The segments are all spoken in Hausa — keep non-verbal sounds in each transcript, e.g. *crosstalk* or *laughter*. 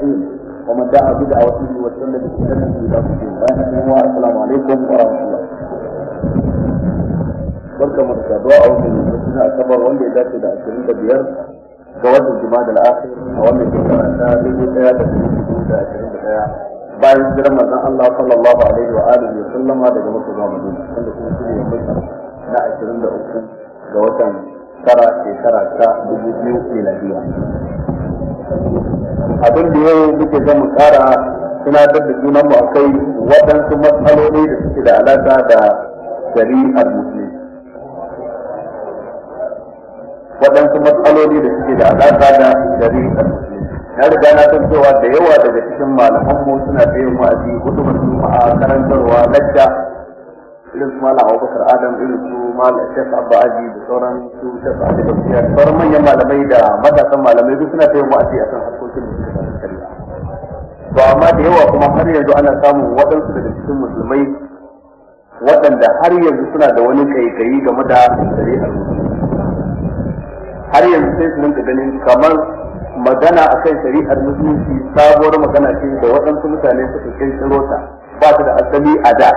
المستعين ومن دعا بدعوته وسلم بسنته الى الدين السلام عليكم ورحمه الله barka mu da du'a a wannan lokacin asabar wanda ya dace da 25 ga watan jima'a da akhir a wannan shekara ta 1421 bayan hijirar manzon Allah sallallahu alaihi wa alihi wa sallama daga Makka zuwa Madina wanda kuma shi ne na 23 ga watan tara shekara ta 2000 miladiya abin da yau muke zan mu kara tunatar da junan mu akai waɗansu matsaloli da suke da alaƙa da shari'ar musulmi waɗansu matsaloli da suke da alaƙa da shari'ar musulmi na riga na san cewa da yawa daga cikin malamanmu suna biyan wa'azi hudu masu ma'a karantarwa lacca irin su malam abubakar adam irin su malam shek abba aji da sauran su shek aji da siya sauran manyan malamai da matasan malamai duk suna taimako a akan harkokin da suka shafi shari'a to amma da yawa kuma har yanzu ana samun waɗansu daga cikin musulmai waɗanda har yanzu suna da wani kaikayi game da shari'ar har yanzu sai su rinka ganin kamar magana akan shari'ar musulunci sabuwar magana ce da waɗansu mutane suka kai ta ba ta da asali a da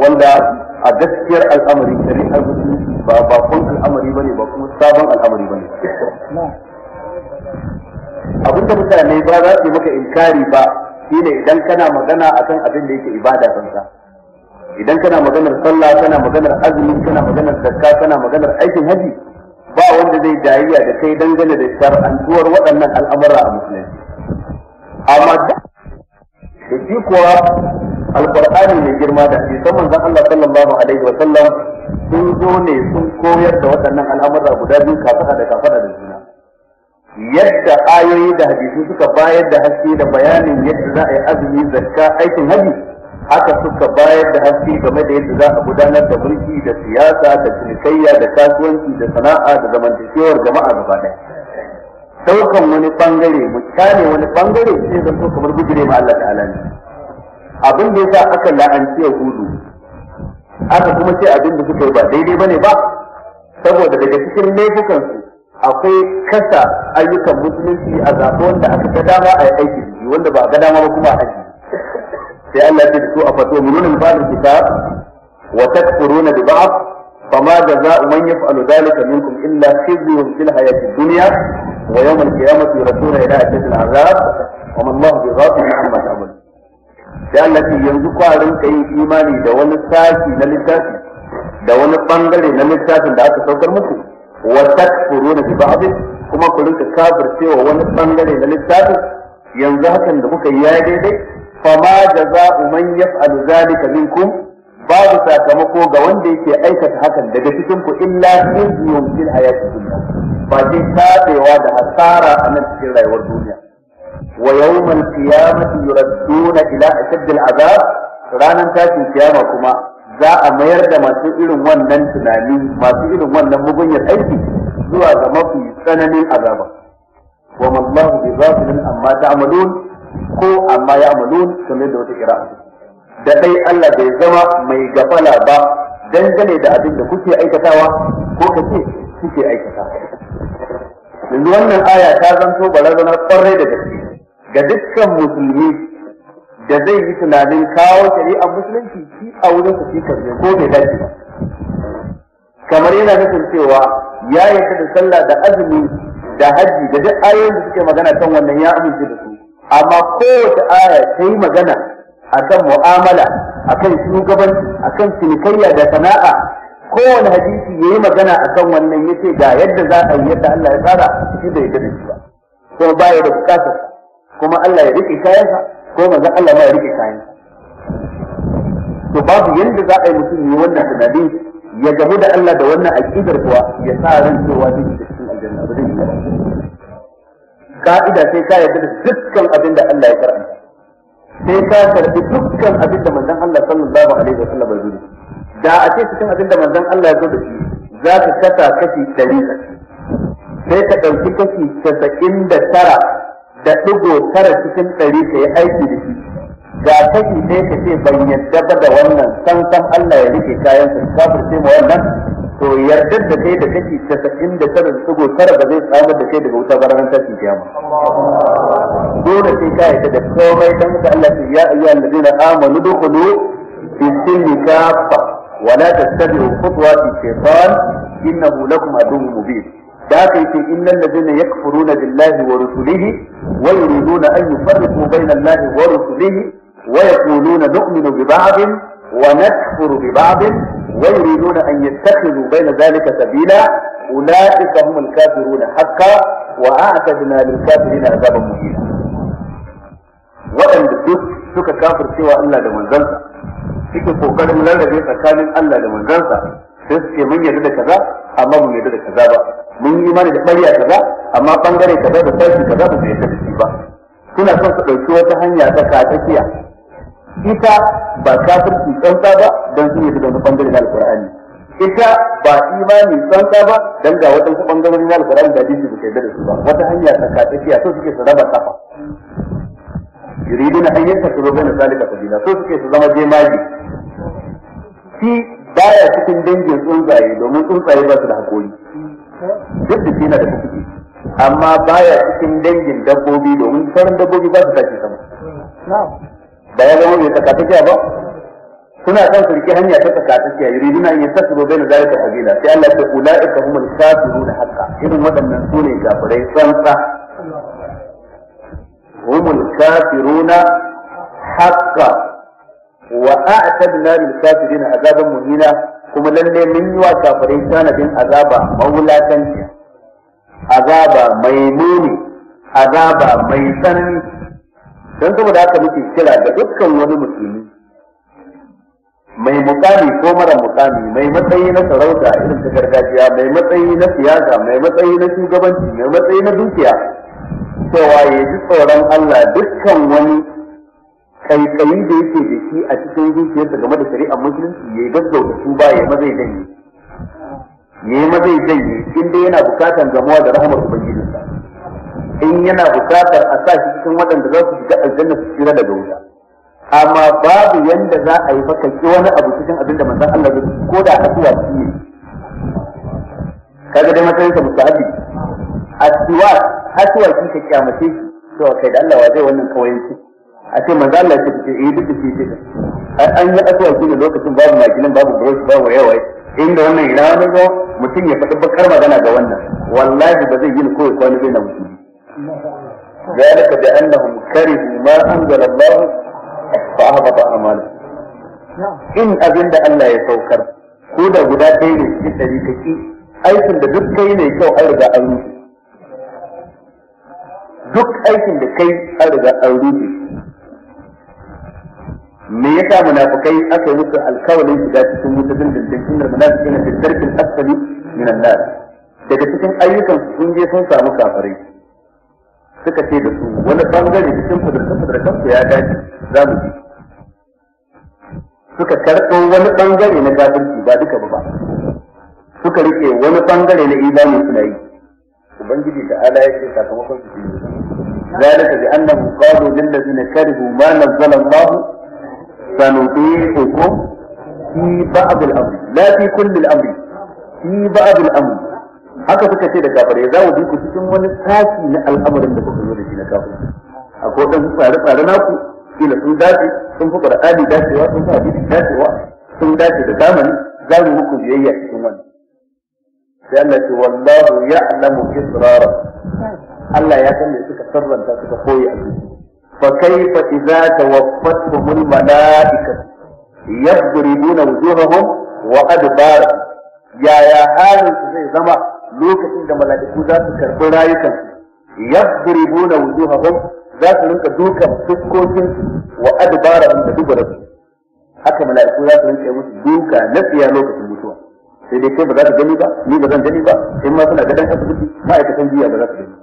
wanda a gaskiyar al'amari shari'ar musulunci ba bakon al'amari ne, ba kuma sabon al'amari ne. abin da mutane ba za su yi maka inkari ba shine idan kana magana akan abin da yake ibada kansa idan kana maganar sallah kana maganar azumi kana maganar zakka kana maganar aikin haji ba wanda zai dariya da kai dangane da shar'antuwar waɗannan al'amura a musulunci amma duk da shi kuwa alkur'ani mai girma da shi saman zan Allah sallallahu alaihi wa sun zo ne sun koyar da waɗannan al'amurra guda biyu kafaɗa da kafaɗa da juna yadda ayoyi da hadisi suka bayar da haske da bayanin yadda za a yi azumi zakka aikin haji haka suka bayar da haske game da yadda za a gudanar da mulki da siyasa da cinikayya da kasuwanci da sana'a da zamantakewar jama'a gaba ɗaya daukan wani bangare mu kyale wani bangare shi zan so kamar ma Allah ta'ala ne abin da yasa aka la'anci yahudu aka kuma ce abin da suka yi ba daidai bane ba saboda daga cikin laifukan su akwai kasa ayyukan musulunci a zaɓi wanda aka ga dama a yi aiki wanda ba ga dama ba kuma a aiki sai Allah ya ce su a fato munun ba'd kitab wa takfuruna bi ba'd فما جزاء man yaf'alu dhalika minkum illa khizyun fil hayati dunya ويوم القيامة يردون إلى أشد العذاب وما الله بغافل عما تعمل لأن التي ينزق على أنك إيماني دون الساكي نلساكي دون الطنغلي نلساكي دعاك صوت المسلم وتكفرون ببعض كما قلت كافر سيوه ونطنغلي نلساكي ينزهك أن دبوك إياه فما جزاء من يفعل ذلك منكم babu sakamako ga wanda yake aikata hakan daga cikin ku illa khizyun fil hayati dunya ba sai tabewa da hasara a nan cikin rayuwar duniya wa yawmal qiyamati yuradduna ila ashaddil azab ranan tashin kiyama kuma za a mayar da masu irin wannan tunani masu irin wannan mugunyar aiki zuwa ga mafi tsananin azaba wa mallahu bi ghafilin amma ta'malun ko amma ya'malun kamar da wata kira'a da dai Allah bai zama mai gafala ba dangane da abin da kuke aikatawa ko kace kuke aikata yanzu wannan aya ta zanto barazanar kwarai da gaske ga dukkan musulmi da zai yi tunanin kawo shari'a musulunci shi a wurin su shi ne ko bai dace ba kamar yana nufin cewa ya yarda da sallah da azumi da hajji da duk ayoyin da suke magana kan wannan ya amince da su amma kowace aya ta yi magana akan mu'amala akan shugaban akan cinikayya da sana'a kowane hadisi yayi magana akan wannan yace ga yadda za a yi yadda Allah ya tsara shi da yadda shi ba ko ba ya da bukatar kuma Allah ya rike kayansa ko maza Allah ma ya rike kayansa to babu yadda za a yi mutum ne wannan tunani ya gamu da Allah da wannan aqidar kuwa ya sa ran cewa zai da cikin aljanna ba zai yi ka'ida sai ka yarda da dukkan abin da Allah ya karanta sai ka karbi dukkan abin da manzon Allah sallallahu alaihi wa sallam bai da a ce cikin abin da manzon Allah ya zo da shi za ka kasa kashi ɗari sai ka ɗauki kashi casa'in da tara da ɗigo tara cikin ɗari ka yi aiki da shi ga kashi ɗaya ka ce ban yadda ba da wannan san san Allah ya rike kayan sa kafir sai ma wannan to yardar da kai da kashi casa'in da tara da tsugo tara ba zai samar da kai daga wuta ba ranar tashin kiyama dole sai ka yadda da komai dan haka Allah ya ya ayyuhal ladina amanu dukhulu fi silmi kafa wa la tattabi'u khutuwati shaytan innahu lakum aduwwun mubin da haka yake innal ladina yakfuruna billahi wa rusulihi wa yuriduna an yufarriqu bayna allahi wa rusulihi wa yaquluna nu'minu bi ba'din wa nakfuru bi ba'din ويريدون أن يتخذوا بين ذلك سبيلا أولئك هم الكافرون حقا وأعتدنا للكافرين عذابا مهينا وأن بدوس سك كافر سوى ألا لمن زلت سك فوقهم لا لدي فكان ألا لمن زلت سك من يدد كذا أما من يدد كذا من إيمان جمالية كذا أما قنقري كذا بطيس كذا بطيس كذا سنة سنة سنة سنة سنة سنة سنة ita ba kafirci tsantsa ba don sun yi da wani bangare na alkur'ani ita ba imani tsantsa ba don ga waɗansu bangarori na alkur'ani da hadisi bukai da su ba wata hanya ta tsakiya so suke su raba kafa yuriduna an yattakiru na zalika sabila so suke su zama jemaji. shi baya cikin dangin tsuntsaye domin tsuntsaye ba su da haƙori. duk da fina na da kuɗi amma baya cikin dangin dabbobi domin sauran dabbobi ba su tashi sama ba ya zama mai tsakatakiya ba suna son su rike hanya ta tsakatakiya yuriduna in yastasbu baina zalika sabila sai Allah ta ulaika humul kafirun haka irin waɗannan su ne kafirai tsantsa humul kafiruna haqqan wa a'tadna lil kafirin azaban muhina kuma lalle mun yi wa kafirai sanadin azaba mawulatanci azaba mai muni azaba mai tsanani don saboda haka muke kira da dukkan wani musulmi mai mukami ko mara mukami mai matsayi na sarauta irin ta gargajiya mai matsayi na siyasa mai matsayi na shugabanci mai matsayi na dukiya cewa ya ji tsoron Allah dukkan wani kaikayi da yake da shi a cikin zuciyarsa game da shari'ar musulunci ya gaggauta su ba ya mazai janye ya yi mazai janye Inda yana bukatan gamuwa da rahamar ubangijinsa in yana bukatar a sa shi cikin waɗanda za su shiga aljanna su tsira daga wuta amma babu yanda za a yi baka ki wani abu cikin abin da manzon Allah ya ko da asuwa shi ne kaga dai matsayin a mustahabi a asuwa shi ka kyamace shi to kai da Allah wa zai wannan kawayanci a ce manzon Allah ya ce eh duk shi ce an yi asuwa shi ne lokacin babu makilin babu brush babu yawa inda wannan ina wani zo mutum ya faɗi bakar magana ga wannan wallahi ba zai yi ni koyi kwani bai na mutum ذلك بأنهم كرهوا ما أنزل الله فأهبط أعمالهم إن أذن da Allah ya saukar ko da guda ɗaya ne cikin ɗari kaki aikin da duk kai ne kyau an riga an rufe duk aikin da kai an riga an rufe me yasa munafikai aka yi musu alkawarin shiga cikin da dindindin inda munafikai na fi asali min annas daga cikin ayyukan sun je sun samu kafirai suka ce da su wani bangare cikin fadarkan ya dace za mu suka karɓo wani bangare na kafirci ba duka ba suka rike wani bangare na imani suna yi ubangiji da ala yake sakamakon su ce zalika bi annahu qalu lil ladina karihu ma nazzala Allah sanutiqukum fi ba'd al-amri la fi kulli al-amri fi ba'd al-amri haka suka ce da kafare za mu bi ku cikin wani sashi na al'amarin da kuka zo da shi na kafare akwai wadansu tsare-tsare naku kila sun dace sun fi qur'ani dacewa sun fi hadisi dacewa sun dace da zamani za mu muku biyayya cikin wani sai Allah ce wallahu ya'lamu israra Allah ya san me suka sarranta suka koyi a zuci fa kaifa idza tawaffatuhum malaika yadribuna wujuhahum wa adbar yaya halin su zai zama lokacin da mala'iku za su karɓi rayukan yadribuna wujuhahum za su rinka dukan fuskokin wa adbarahum da dubura haka mala'iku za su rinka musu duka na tsiya lokacin mutuwa sai dai kai ba za ka gani ba ni ba zan gani ba in ma suna gadon asibiti ma'aikatan jiya ba za su gani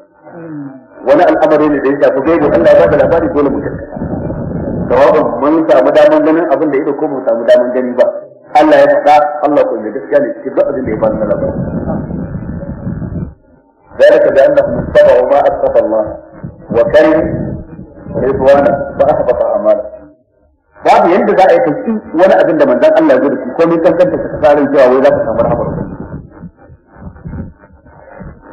wani al'amari ne da ya shafi gaibu Allah ya ba da labari dole mu karkata jawabin mun samu daman ganin abin da ido ko mu samu daman gani ba Allah ya faɗa Allah ko mai gaskiya ne cikin duk abin da ya ba na labari ذلك بأنهم اتبعوا ما أسخط الله وكان رضوانا فأحبط أعماله babu yadda za a yi kai wani abin da manzon Allah ya gudu ko kankanta ka fara cewa wai za ka samu rahmar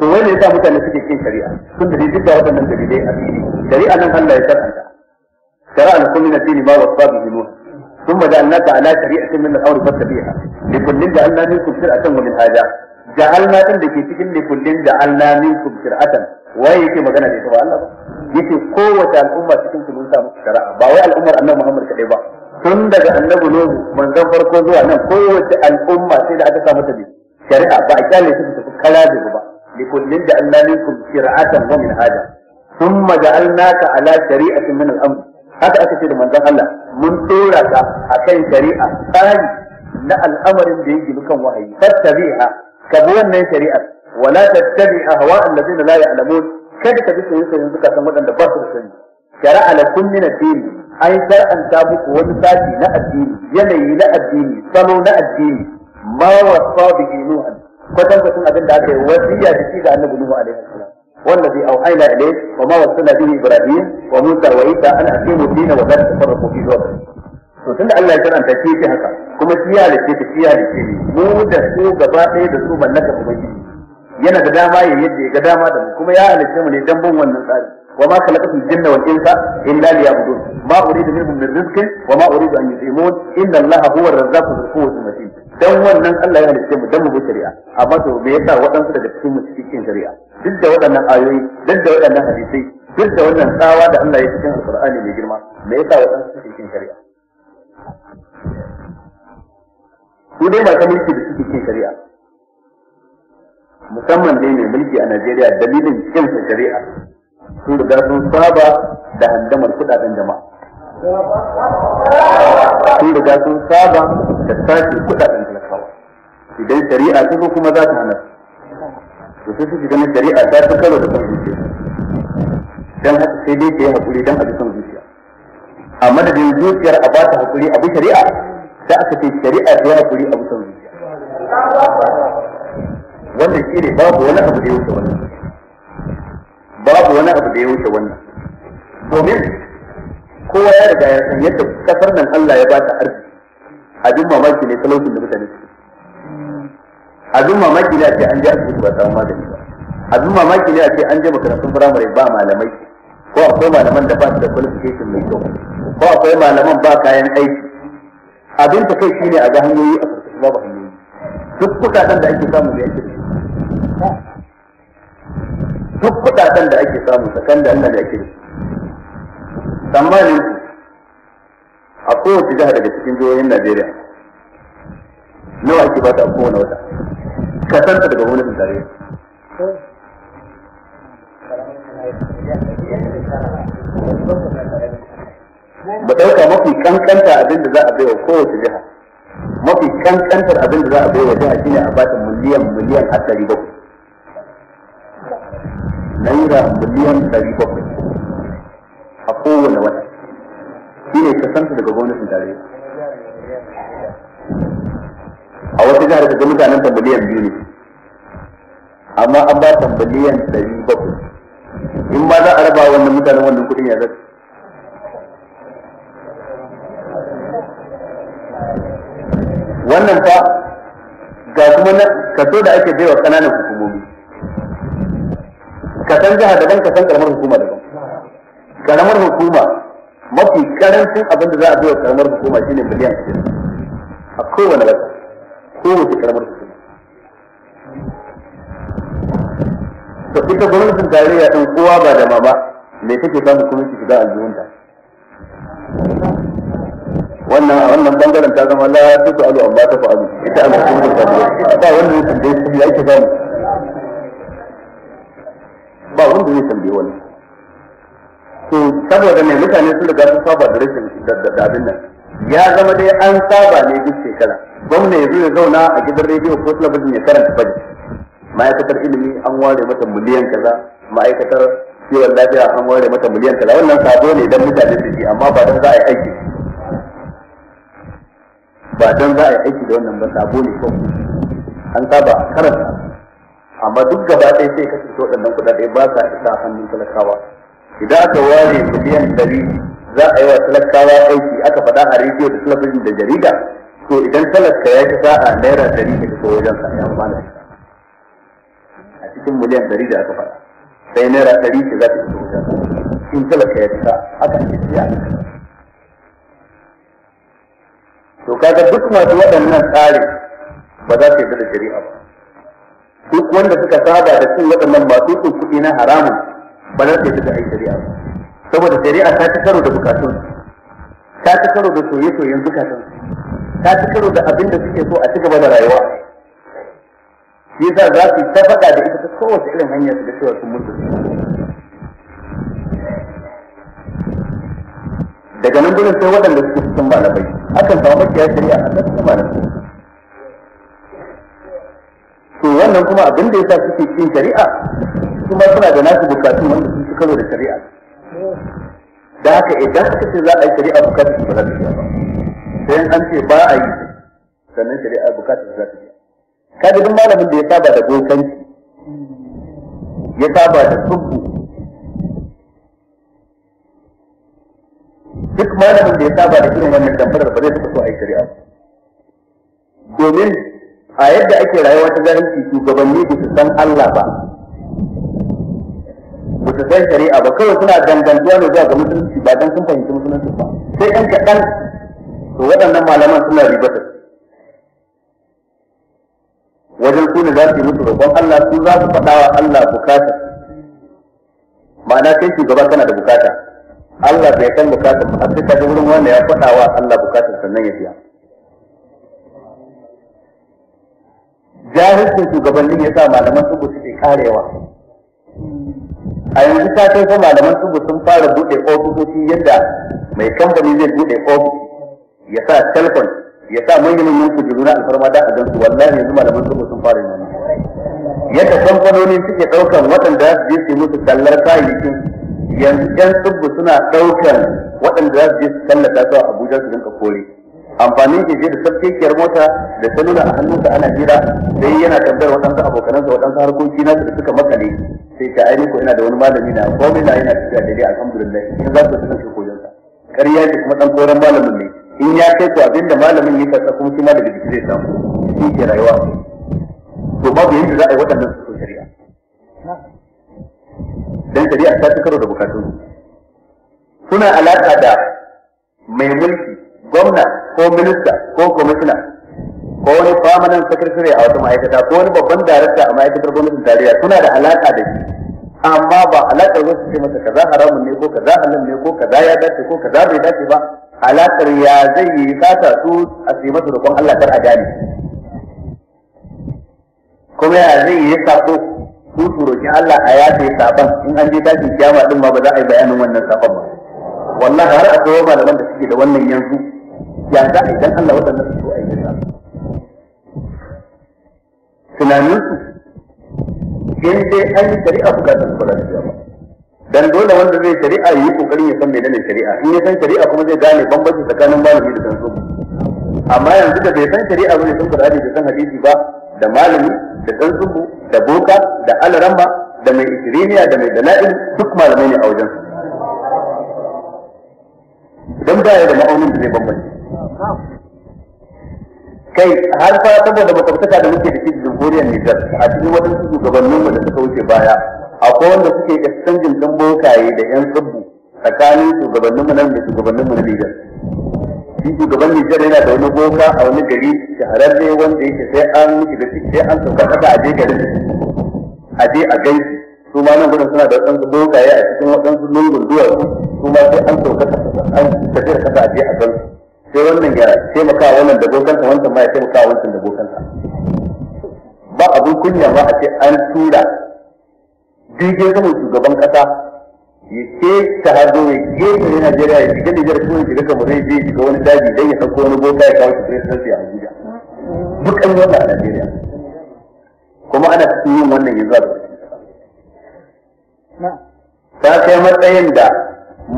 to wai ne yasa mutane suke kin shari'a tun da duk da waɗannan dalilai a fili shari'a nan Allah ya sarkanta shari'a na kullu nafsi ala wasa bihi nuh ثم جعلناك على شريعة من الأمر فاتبعها لكل جعلنا منكم شرعة ومنهاجا ja'alna din da ke cikin ne kullin ja'alna minkum shir'atan waye yake magana da ita ba Allah ba yake kowace al'umma cikin su mun samu shari'a ba wai al'ummar Annabi Muhammad kadai ba tun daga Annabi Nuhu manzon farko zuwa nan kowace al'umma sai da aka samu ta bi shari'a ba a kyale su su kala da ba li kullin ja'alna minkum shir'atan wa minhaja thumma ja'alnaka ala shari'atin min al-amr haka aka ce da manzon Allah mun tura ka akan shari'a tsari na al'amarin da ya ginu kan wahayi fattabi'a ka bi wannan shari'a wala tattabi ahwa alladhina la ya'lamun kada ka bi soyayyen zukatan waɗanda ba su da sani shari'a lakum min ad-din an shar'anta muku wani sati na addini yanayi na addini salo na addini ma wasa bihi nuhan kwatan kwatan abin da aka yi wasiya da shi da annabi nuhu alaihi salam والذي أوحينا إليه وما وصلنا به إبراهيم وموسى وعيسى أن أقيموا الدين ولا تفرقوا فيه وبركاته to da Allah ya karanta ke ce haka kuma shi ya halice ta shi ya halice ne mu da su gaba ɗaya da su mallaka ubangiji yana da dama ya yadda ya ga dama da mu kuma ya halice mu ne dan bin wannan tsari wa ma khalaqatul jinna wal insa illa liya'budun ma uridu minhum min rizqin wa ma uridu an yut'imun inna Allaha huwa ar-razzaqu dhul quwwati matin dan wannan Allah ya halice mu dan mu bi shari'a amma to me yasa waɗansu daga cikin mu cikin shari'a duk da waɗannan ayoyi duk da waɗannan hadisai duk da wannan tsawa da Allah ya cikin Alƙur'ani mai girma me yasa waɗansu cikin shari'a su dai masu mulki da suke cin shari'a musamman dai mai mulki a Najeriya dalilin cin shari'a sun riga sun saba da handamar kudaden jama'a sun riga sun saba da sace kudaden talakawa idan shari'a ta zo kuma za ta hana su su sai suke ganin shari'a ta fi karo da kan zuciya don haka sai dai ta yi haƙuri don a ji kan zuciya a madadin zuciyar a bata hakuri abu shari'a da aka ce shari'a ta yi hakuri abu sauri wannan shi ne babu wani abu da ya wuce wannan babu wani abu da ya wuce wannan domin kowa ya riga ya san yadda kasar nan Allah ya bata arziki abin mamaki ne talaucin da mutane suke abin mamaki ne a ce an je asibiti ba samu magani ba abin mamaki ne a ce an je makarantun firamare ba malamai ko akwai malaman da ba su da qualification mai kyau ko akwai malaman ba kayan aiki abin ta kai shine a ga hanyoyi a karkashin babu hanyoyi duk kudaden da ake samu da yake duk kudaden da ake samu tsakan da Allah da yake tsammanin a kowace jiha daga cikin jihohin Najeriya nawa ake ba ta a kowane wata kasanta daga gwamnatin tarayya mu ɗauka mafi kankanta abin da za a bai wa kowace jiha mafi kankantar abin da za a bai wa jiha shine a bata miliyan miliyan har ɗari bakwai naira miliyan ɗari bakwai a kowane wata shine kasanta daga gwamnatin tare. a wata jihar da mutanen ta miliyan biyu ne amma an ba ta miliyan ɗari bakwai in ba za a raba wannan mutanen wannan kuɗin ya zai wannan fa ga kuma na kaso da ake baiwa ƙananan hukumomi kasan jiha daban kasan karamar hukuma daban karamar hukuma mafi karancin abin da za a baiwa karamar hukuma shine miliyan a kowane wata kowace karamar hukuma to ita gwamnatin tarayya din kowa ba da ba me take mu kuma shi shiga aljihunta wannan a wannan bangaren ta zama la tuku alu amma ta fa alu ita an kuma ta ba wanda ya da shi ya ba mu, ba wanda ya tambaye wani to saboda ne mutane sun riga sun saba da rashin da abin nan ya zama dai an saba ne duk shekara gwamna ya zo ya zauna a gidan rediyo ko talabijin ya karanta bajet ma'aikatar ilimi an ware mata miliyan kaza ma'aikatar kiwon lafiya an ware mata miliyan kaza wannan sabo ne dan mutane su amma ba don za a yi aiki ba don za a yi aiki da wannan ba sabo ne ko an saba karanta amma duk gaba ɗaya sai ka kasance waɗannan kuɗaɗe ba sa isa hannun talakawa idan aka ware miliyan ɗari za a yi wa talakawa aiki aka faɗa a rediyo da talabijin da jarida to idan talaka ya ci sa'a naira ɗari ne ko wajen sa ya amfana cikin miliyan ɗari da aka faɗa sai naira ɗari ce za ta isa wuta in talaka ya fita aka ce siya to kaga duk masu waɗannan tsari ba za su yarda da shari'a ba duk wanda suka saba da cin waɗannan masu cin kuɗi na haramun ba za su yarda da ai shari'a ba saboda shari'a ta ci karo da bukatun ta ci karo da soye-soyen bukatun ta ci karo da abin da suke so a ci gaba da rayuwa shi yasa za su ta faɗa da ita ta kowace irin hanya su ga cewa sun mutu daga nan gudun sai waɗanda suke cikin malamai akan samu makiya shari'a a nan cikin malamai to wannan kuma abin da yasa suke cikin shari'a kuma suna da nasu bukatun wanda sun su karo da shari'a da haka idan aka ce za a yi shari'a bukatun ba za ta ba sai an ce ba a yi sannan shari'a bukatun za ta kaga duk malamin da ya saba da gokanci ya saba da tsubbu duk malamin da ya saba da irin wannan damfarar ba zai taɓa so a yi shari'a domin a yadda ake rayuwa ta zahirci shugabanni ba su san Allah ba ba su san shari'a ba kawai suna dangantuwa ne zuwa ga musulunci ba don sun fahimci musulunci ba sai ɗan kaɗan to waɗannan malaman suna ribatar wajen su ne za su yi musu roƙon Allah su za su faɗa wa Allah bukata ma'ana kai shugaba kana da bukata Allah bai san bukatar ba sai ka wurin wanda ya faɗa wa Allah bukatar sannan ya biya jahilcin shugabannin ya sa malaman su suke karewa a yanzu ta kai fa malaman su sun fara buɗe ofisoshi yadda mai kamfani zai buɗe ofis ya sa telephone ya sa manyan manyan kujeru na alfarma da a gansu wallahi yanzu malaman tsoro sun fara yin yadda kamfanoni suke ɗaukan waɗanda za su je su musu tallar kayayyakin yanzu ƴan tsibbu suna ɗaukan waɗanda za su je su tallata su a abuja su dinka kore amfanin ke je da tafkekiyar mota da salula a hannunsa ana jira sai yana tambayar waɗansu abokanansa waɗansu harkoki su da suka makale sai ta aini ko ina da wani malami na komai na yana tafiya dai alhamdulillah in za su kasance koyon sa ƙarya ce kuma ɗan koren malamin ne in ya kai ku abin da malamin ya karɓa kuma shi ma daga jiki zai samu shi ke rayuwa to babu yadda za a yi waɗannan su shari'a dan shari'a ta fi karo da bukatun suna alaƙa da mai mulki gwamna ko minista ko kwamishina ko wani famanan sakatare a wata ma'aikata ko wani babban darakta a ma'aikatar gwamnatin tarayya suna da alaƙa da shi amma ba alaƙar wasu ce masa kaza haramun ne ko kaza halal ne ko kaza ya dace ko kaza bai dace ba alaƙar ya zai yi sata su a ce masa roƙon Allah kar a gane kuma ya zai yi sako su su roƙi Allah a ya yafe saban in an je dakin kiyama din ma ba za a yi bayanin wannan saban ba wallahi har a kowa malaman da suke da wannan yanzu ya za a yi idan Allah waɗannan su a yi tunaninsu in sai an yi shari'a ku gatan su ba za dan dole wanda zai shari'a yi kokarin ya san menene shari'a in ya san shari'a kuma zai gane bambanci tsakanin malami da kansu amma yanzu da bai san shari'a ba zai san qur'ani da san hadisi ba da malami da kansu da boka da alaramba da mai ikrimiya da mai dala'il duk malamai ne a wajen su dan baya da ma'aunin da zai bambance kai har fa saboda makwabtaka da muke da shi jamhuriyar Nijar a cikin wadansu shugabannin mu da suka wuce baya akwai wanda suke exchangin din bokaye da yan tsibbu tsakanin shugabannin mu nan da shugabannin mu na Nijar shi shugaban Nijar yana da wani boka a wani gari shahararre wanda yake sai an miki da sai an sauka kasa a je garin a je a gaisi su ma nan gudun suna da waɗansu bokaye a cikin wadansu lungun duwatsu su ma sai an sauka kasa a je a gansu sai wannan ya taimaka wannan da bokansa wancan ma ya taimaka wancan da bokansa ba abin kunya ba a ce an tura jirgin sama shugaban kasa ya ke ta hazo ya ke ne Najeriya ya shiga Nijar ko ya shiga kamar ya je shiga wani daji dan ya sauko wani bota ya kawo shi sai sai a Abuja duk an wannan a Najeriya kuma ana cikin yin wannan yanzu a ta kai matsayin da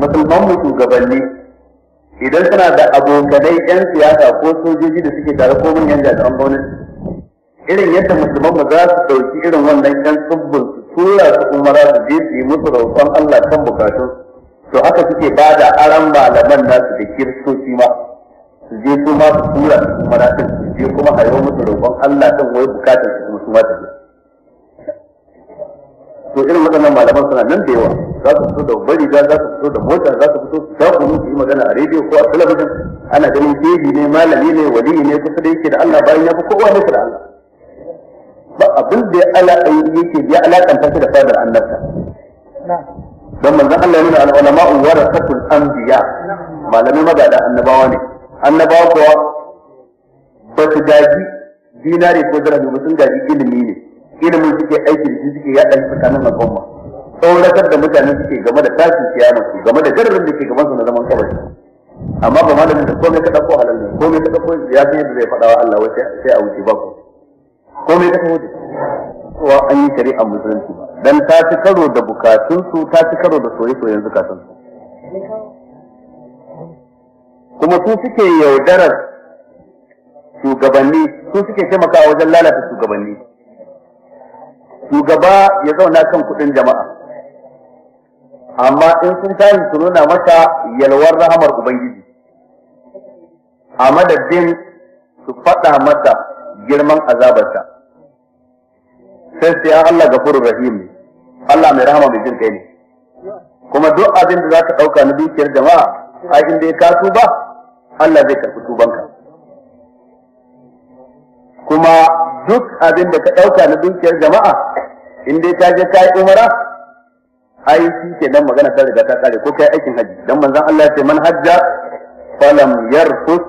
musulman mu shugabanni idan tana da abokanai yan siyasa ko sojoji da suke tare ko manyan jami'an gwamnati irin yadda musulman mu za su ɗauki irin wannan yan tsubbun su tura su umara su je su yi musu roƙon Allah kan bukatun to haka suke ba da aran malaman nasu da kiristoci ma su je su ma su tura su umara su je kuma a yi musu roƙon Allah kan wai bukatun su kuma su ma su je. to irin waɗannan malaman suna nan da yawa za su fito da bari da za su fito da mota za su fito su sha kunu su yi magana a rediyo ko a talabijin ana ganin jeji ne malami ne waliyi ne kusa da yake da Allah bayan ya fi kowa ne da Allah ba abin da yake ya alakanta shi da fadar annabta dan manzon Allah yana al-ulama warasatul anbiya malamai magada annabawa ne annabawa kuwa ba su gaji dinari ko dirhami ba sun gaji ilimi ne ilimin suke aikin su suke yaɗa shi tsakanin al'umma tsoratar da mutane suke game da tashin kiyama su game da jarrin da ke gaban su na zaman kabari amma ba malamin da komai ka dauko halal ne komai ka dauko ya san yadda zai faɗa wa Allah wai sai a wuce ba ku komai ka dauko wa an yi shari'a musulunci ba dan ta ci karo da bukatun su ta ci karo da soyayyen zukatan su kuma su suke yaudarar shugabanni su suke taimakawa wajen lalata shugabanni shugaba ya zauna kan kuɗin jama'a amma in sun tashi su nuna masa yalwar rahamar ubangiji a madadin su faɗa masa girman azabarsa sai sai ya Allah furu rahim Allah mai rahama mai jin kai ne kuma duk abin da za ka ɗauka na dukiyar jama'a a inda ya ka tuba Allah zai karɓi tubanka kuma duk abin da ka ɗauka na dukiyar jama'a in dai ka je ka yi umara ai shi ke dan magana ta riga ta kare ko kai aikin haji dan manzon Allah ya ce man hajja falam yarfus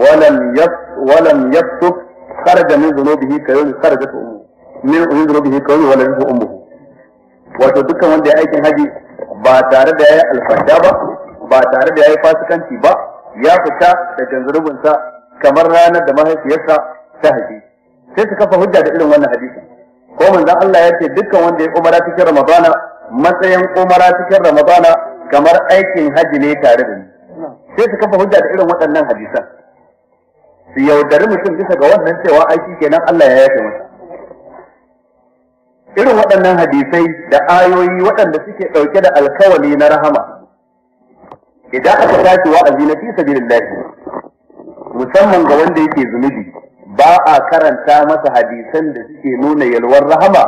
walam yas walam yasuk kharaja min dhunubihi ka yawmi kharajat ummu min dhunubihi ka yawmi waladathu ummu wato dukkan wanda ya aikin haji ba tare da yayi alfasha ba ba tare da yayi fasikanci ba ya fita da sa kamar ranar da mahaifiyarsa ta haifi sai su kafa hujja da irin wannan hadisin ko manzon Allah ya ce dukkan wanda ya umara cikin ramadana matsayin umara cikin ramadana kamar aikin haji ne tare da ni sai su kafa hujja da irin waɗannan hadisan su yaudari mutum bisa ga wannan cewa aiki kenan Allah ya yafe masa irin waɗannan hadisai da ayoyi waɗanda suke ɗauke da alkawali na rahama idan aka tashi wa'azi na fi sabilillah musamman ga wanda yake zunubi ba a karanta masa hadisan da suke nuna yalwar rahama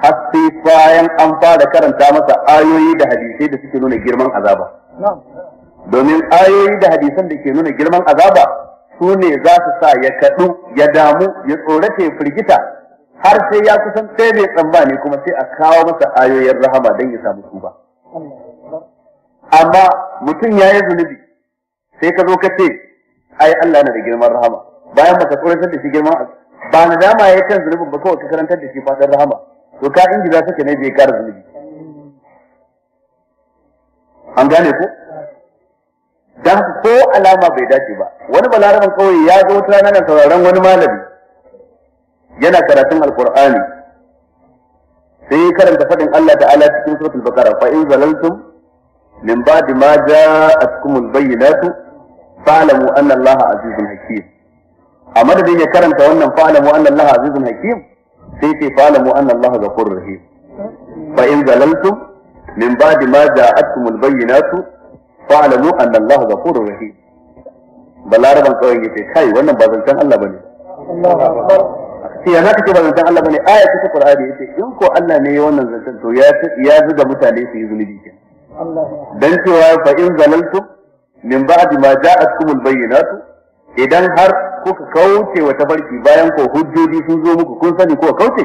har sai bayan an fara karanta masa ayoyi da hadisai da suke nuna girman azaba domin ayoyi da hadisan da ke nuna girman azaba su ne za su sa ya kaɗu ya damu ya tsorata ya firgita har sai ya kusan ɗaya mai tsammani kuma sai a kawo masa ayoyin rahama don ya samu ba. amma mutum ya yi zunubi sai ka zo ka ce ai Allah yana da girman rahama bayan baka tsoratar da shi girman ba na dama ya kan zunubin ba kawai ka karantar da shi fatan rahama to ka ingiza take ne bai kara zunubi an gane ko dan ko alama bai dace ba wani balaraban kawai ya zo wata rana sauraron wani malami yana karatun alqur'ani sai karanta fadin Allah ta'ala cikin suratul baqara fa in zalaltum min ba'di ma ja'atkumul bayyinatu fa'lamu anna Allah azizun hakim a madadin ya karanta wannan fa'alamu anna Allah azizun hakim sai ce fa'alamu anna Allah ghafurur rahim fa in zalaltum min ba'di ma ja'atkumul bayyinatu fa'alamu anna Allah ghafurur rahim balaraban kawai yace kai wannan ba zancen Allah bane sai yana ce ba zancen Allah bane aya ta Qur'ani yace in ko Allah ne ya wannan zancen to ya ya zuga mutane su yi zunubi kenan dan cewa fa in zalaltum min ba'di ma ja'atkumul bayyinatu idan har kuka kauce wa tafarki bayan ko hujjoji sun zo muku kun sani ko kauce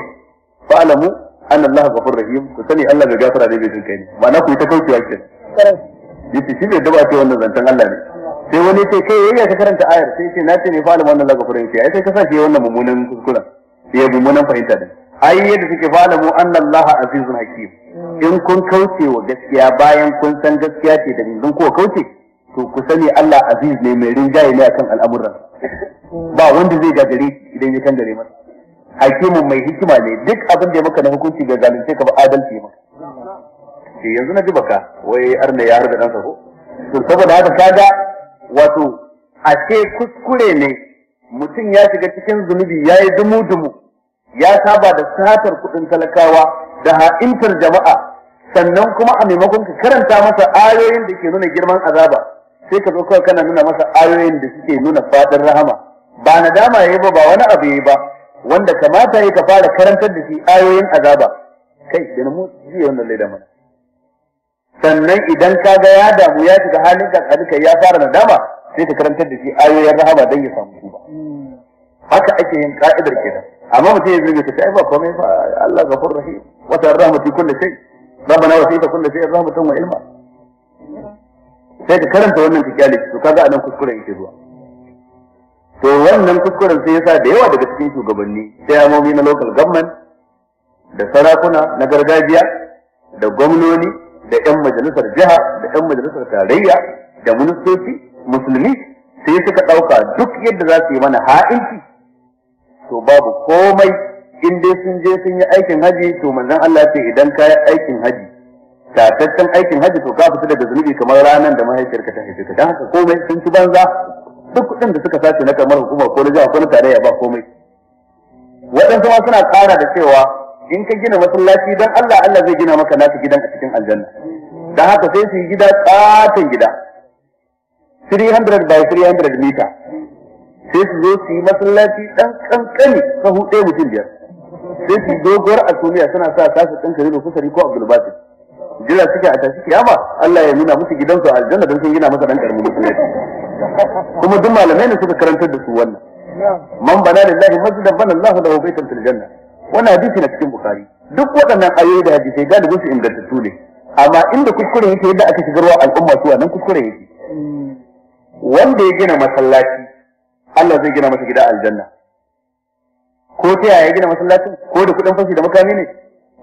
fa alamu anna Allah rahim ku sani Allah bai gafara ne bai jin kai ma'ana ku ta kauce wa kin yace shi bai daba ce wannan zantan Allah ne sai wani ce kai yayi ka karanta ayar sai ce na ce ne fa alamu anna Allah rahim sai sai ka sa shi wannan mummunan kuskuren sai mummunan fahimta din ai yadda suke fa alamu anna Allah azizun hakim in kun kauce wa gaskiya bayan kun san gaskiya ce da kun ko kauce to ku sani Allah aziz ne mai rinjaye ne akan al'amuran ba wanda zai gagare idan ya kangare masa hakimin mai hikima ne duk abin da ya maka na hukunci ga zalunce ka ba adalci ya ke eh, yanzu na ji baka wai arna ya harga dan sako to saboda haka kaga wato a ce kuskure ne mutum ya shiga cikin zunubi ya yi dumu-dumu ya saba da satar kuɗin talakawa da ha'intar jama'a sannan kuma a maimakon ka karanta masa ayoyin da ke nuna girman azaba sai ka zo kawai kana nuna masa ayoyin da suke nuna fadin rahama ba nadama yayi ba ba wani abu yayi ba wanda kamata yayi ka fara karantar da shi ayoyin azaba kai da mu ji wannan laida mana sannan idan ka ga ya damu ya shiga halin ka kai ya fara nadama sai ka karantar da shi ayoyin rahama dan ya samu tuba haka ake yin ka'idar kenan amma mutum ya zuge ta sai ba komai ba Allah ghafur rahim wa tarhamati kulli shay rabbana wa sita kulli shay'in rahmatan wa ilma sai ka karanta wannan ka to kaga anan kuskuren yake zuwa to wannan kuskuren sai yasa da yawa daga cikin shugabanni chairmomi na local government da sarakuna na gargajiya da gwamnoni da yan majalisar jiha da yan majalisar tarayya da ministoci musulmi sai suka ɗauka duk yadda za su yi mana ha'inci to babu komai in dai sun je sun yi aikin haji to manzon Allah ce idan ka yi aikin haji tataccen aikin Hajji to ka fita daga zunubi kamar ranar da mahaifiyarka ta haifi ka haka komai sun ci banza duk kuɗin da suka sace na kamar hukuma ko na jiha ko na tarayya ba komai waɗansu ma suna ƙara da cewa in ka gina masallaci dan Allah Allah zai gina maka naka gidan a cikin aljanna dan haka sai su yi gida katon gida 300 by 300 mita sai su zo su yi masallaci dan kankani ka ɗaya mutum biyar sai su doguwar asumiya suna sa kasa ɗan ko da kusari ko abdulbasit jira suke a tashi kiyama Allah ya nuna musu gidansu a aljanna don sun gina masa dan karmi kuma duk malamai ne suka karantar da su wannan man bana lillahi masjidan bana Allahu lahu baitan fil janna wannan hadisi na cikin bukhari duk waɗannan ayoyi da hadisai galibin su ingantattu ne amma inda kuskure yake yadda aka shigarwa al'umma su nan kuskure yake wanda ya gina masallaci Allah zai gina masa gida aljanna ko ta yaya gina masallacin ko da kuɗin fashi da makami ne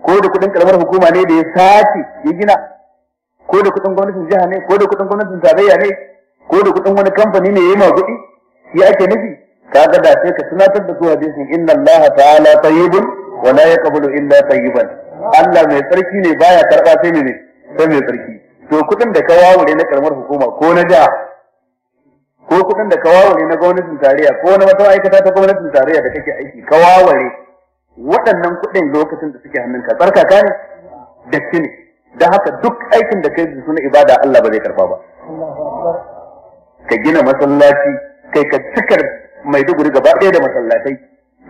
ko da kuɗin kalmar hukuma ne da ya sace ya gina ko da kuɗin gwamnatin jiha ne ko da kuɗin gwamnatin tarayya ne ko da kuɗin wani kamfani ne ya yi maguɗi shi ake nufi kaga da sai ka tunatar da su hadisin inna Allah ta'ala tayyibun wa la yaqbalu illa tayyiban Allah mai tsarki ne baya karba sai ne sai mai tsarki to kuɗin da ka wawure na karamar hukuma ko na jiha ko kuɗin da ka wawure na gwamnatin tarayya ko na wata aikata ta gwamnatin tarayya da kake aiki ka wawure waɗannan kuɗin lokacin da suke hannunka tsarkaka ne da ne don haka duk aikin da kai suna ibada Allah ba zai karba ba ka gina masallaci kai ka cikar mai duguri gaba ɗaya da masallatai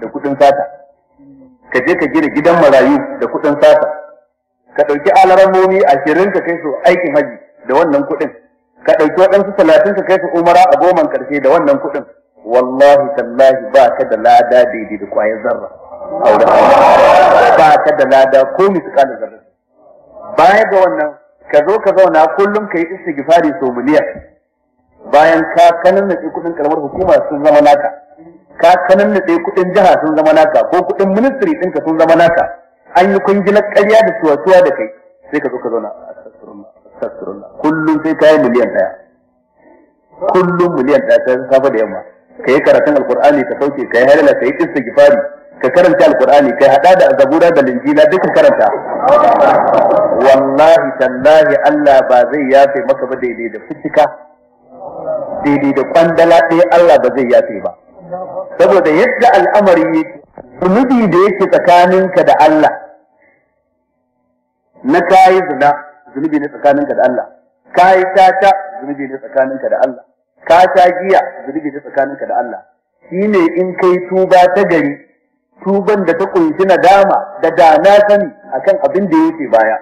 da kuɗin sata ka je ka gina gidan marayu da kuɗin sata ka ɗauki alaramomi ashirin ka kai su aikin haji da wannan kuɗin ka ɗauki waɗansu talatin ka kai su umara a goman ƙarshe da wannan kuɗin wallahi tallahi ba ka da lada daidai da kwayar zarra aure ba ka da lada ko misqalin zarra baya ga wannan ka zo ka zauna kullum ka yi istighfari sau miliyan bayan ka kanannaɗe kuɗin karamar hukuma sun zama naka ka kanannaɗe kuɗin jiha sun zama naka ko kuɗin ministry ka sun zama naka an yi kungilar ƙarya da suwa-suwa da kai sai ka zo ka zauna kullum sai ka yi miliyan ɗaya kullum miliyan ɗaya ka safa da yamma ka yi karatun alqur'ani ka sauke ka yi halala ka yi istighfari ka karanta alqur'ani kai hada da zabura da linjila duka karanta wallahi tallahi Allah ba zai yafe maka ba daidai da fitika daidai da kwandala ɗaya Allah ba zai yafe ba saboda yadda al'amari yake zunubi da yake tsakaninka da Allah na kayi zina zunubi ne tsakaninka da Allah kayi tata zunubi ne tsakaninka da Allah ka ta giya zunubi ne tsakaninka da Allah shine in kai tuba ta gari tuban da ta kunshi nadama da da na sani akan abin da yake baya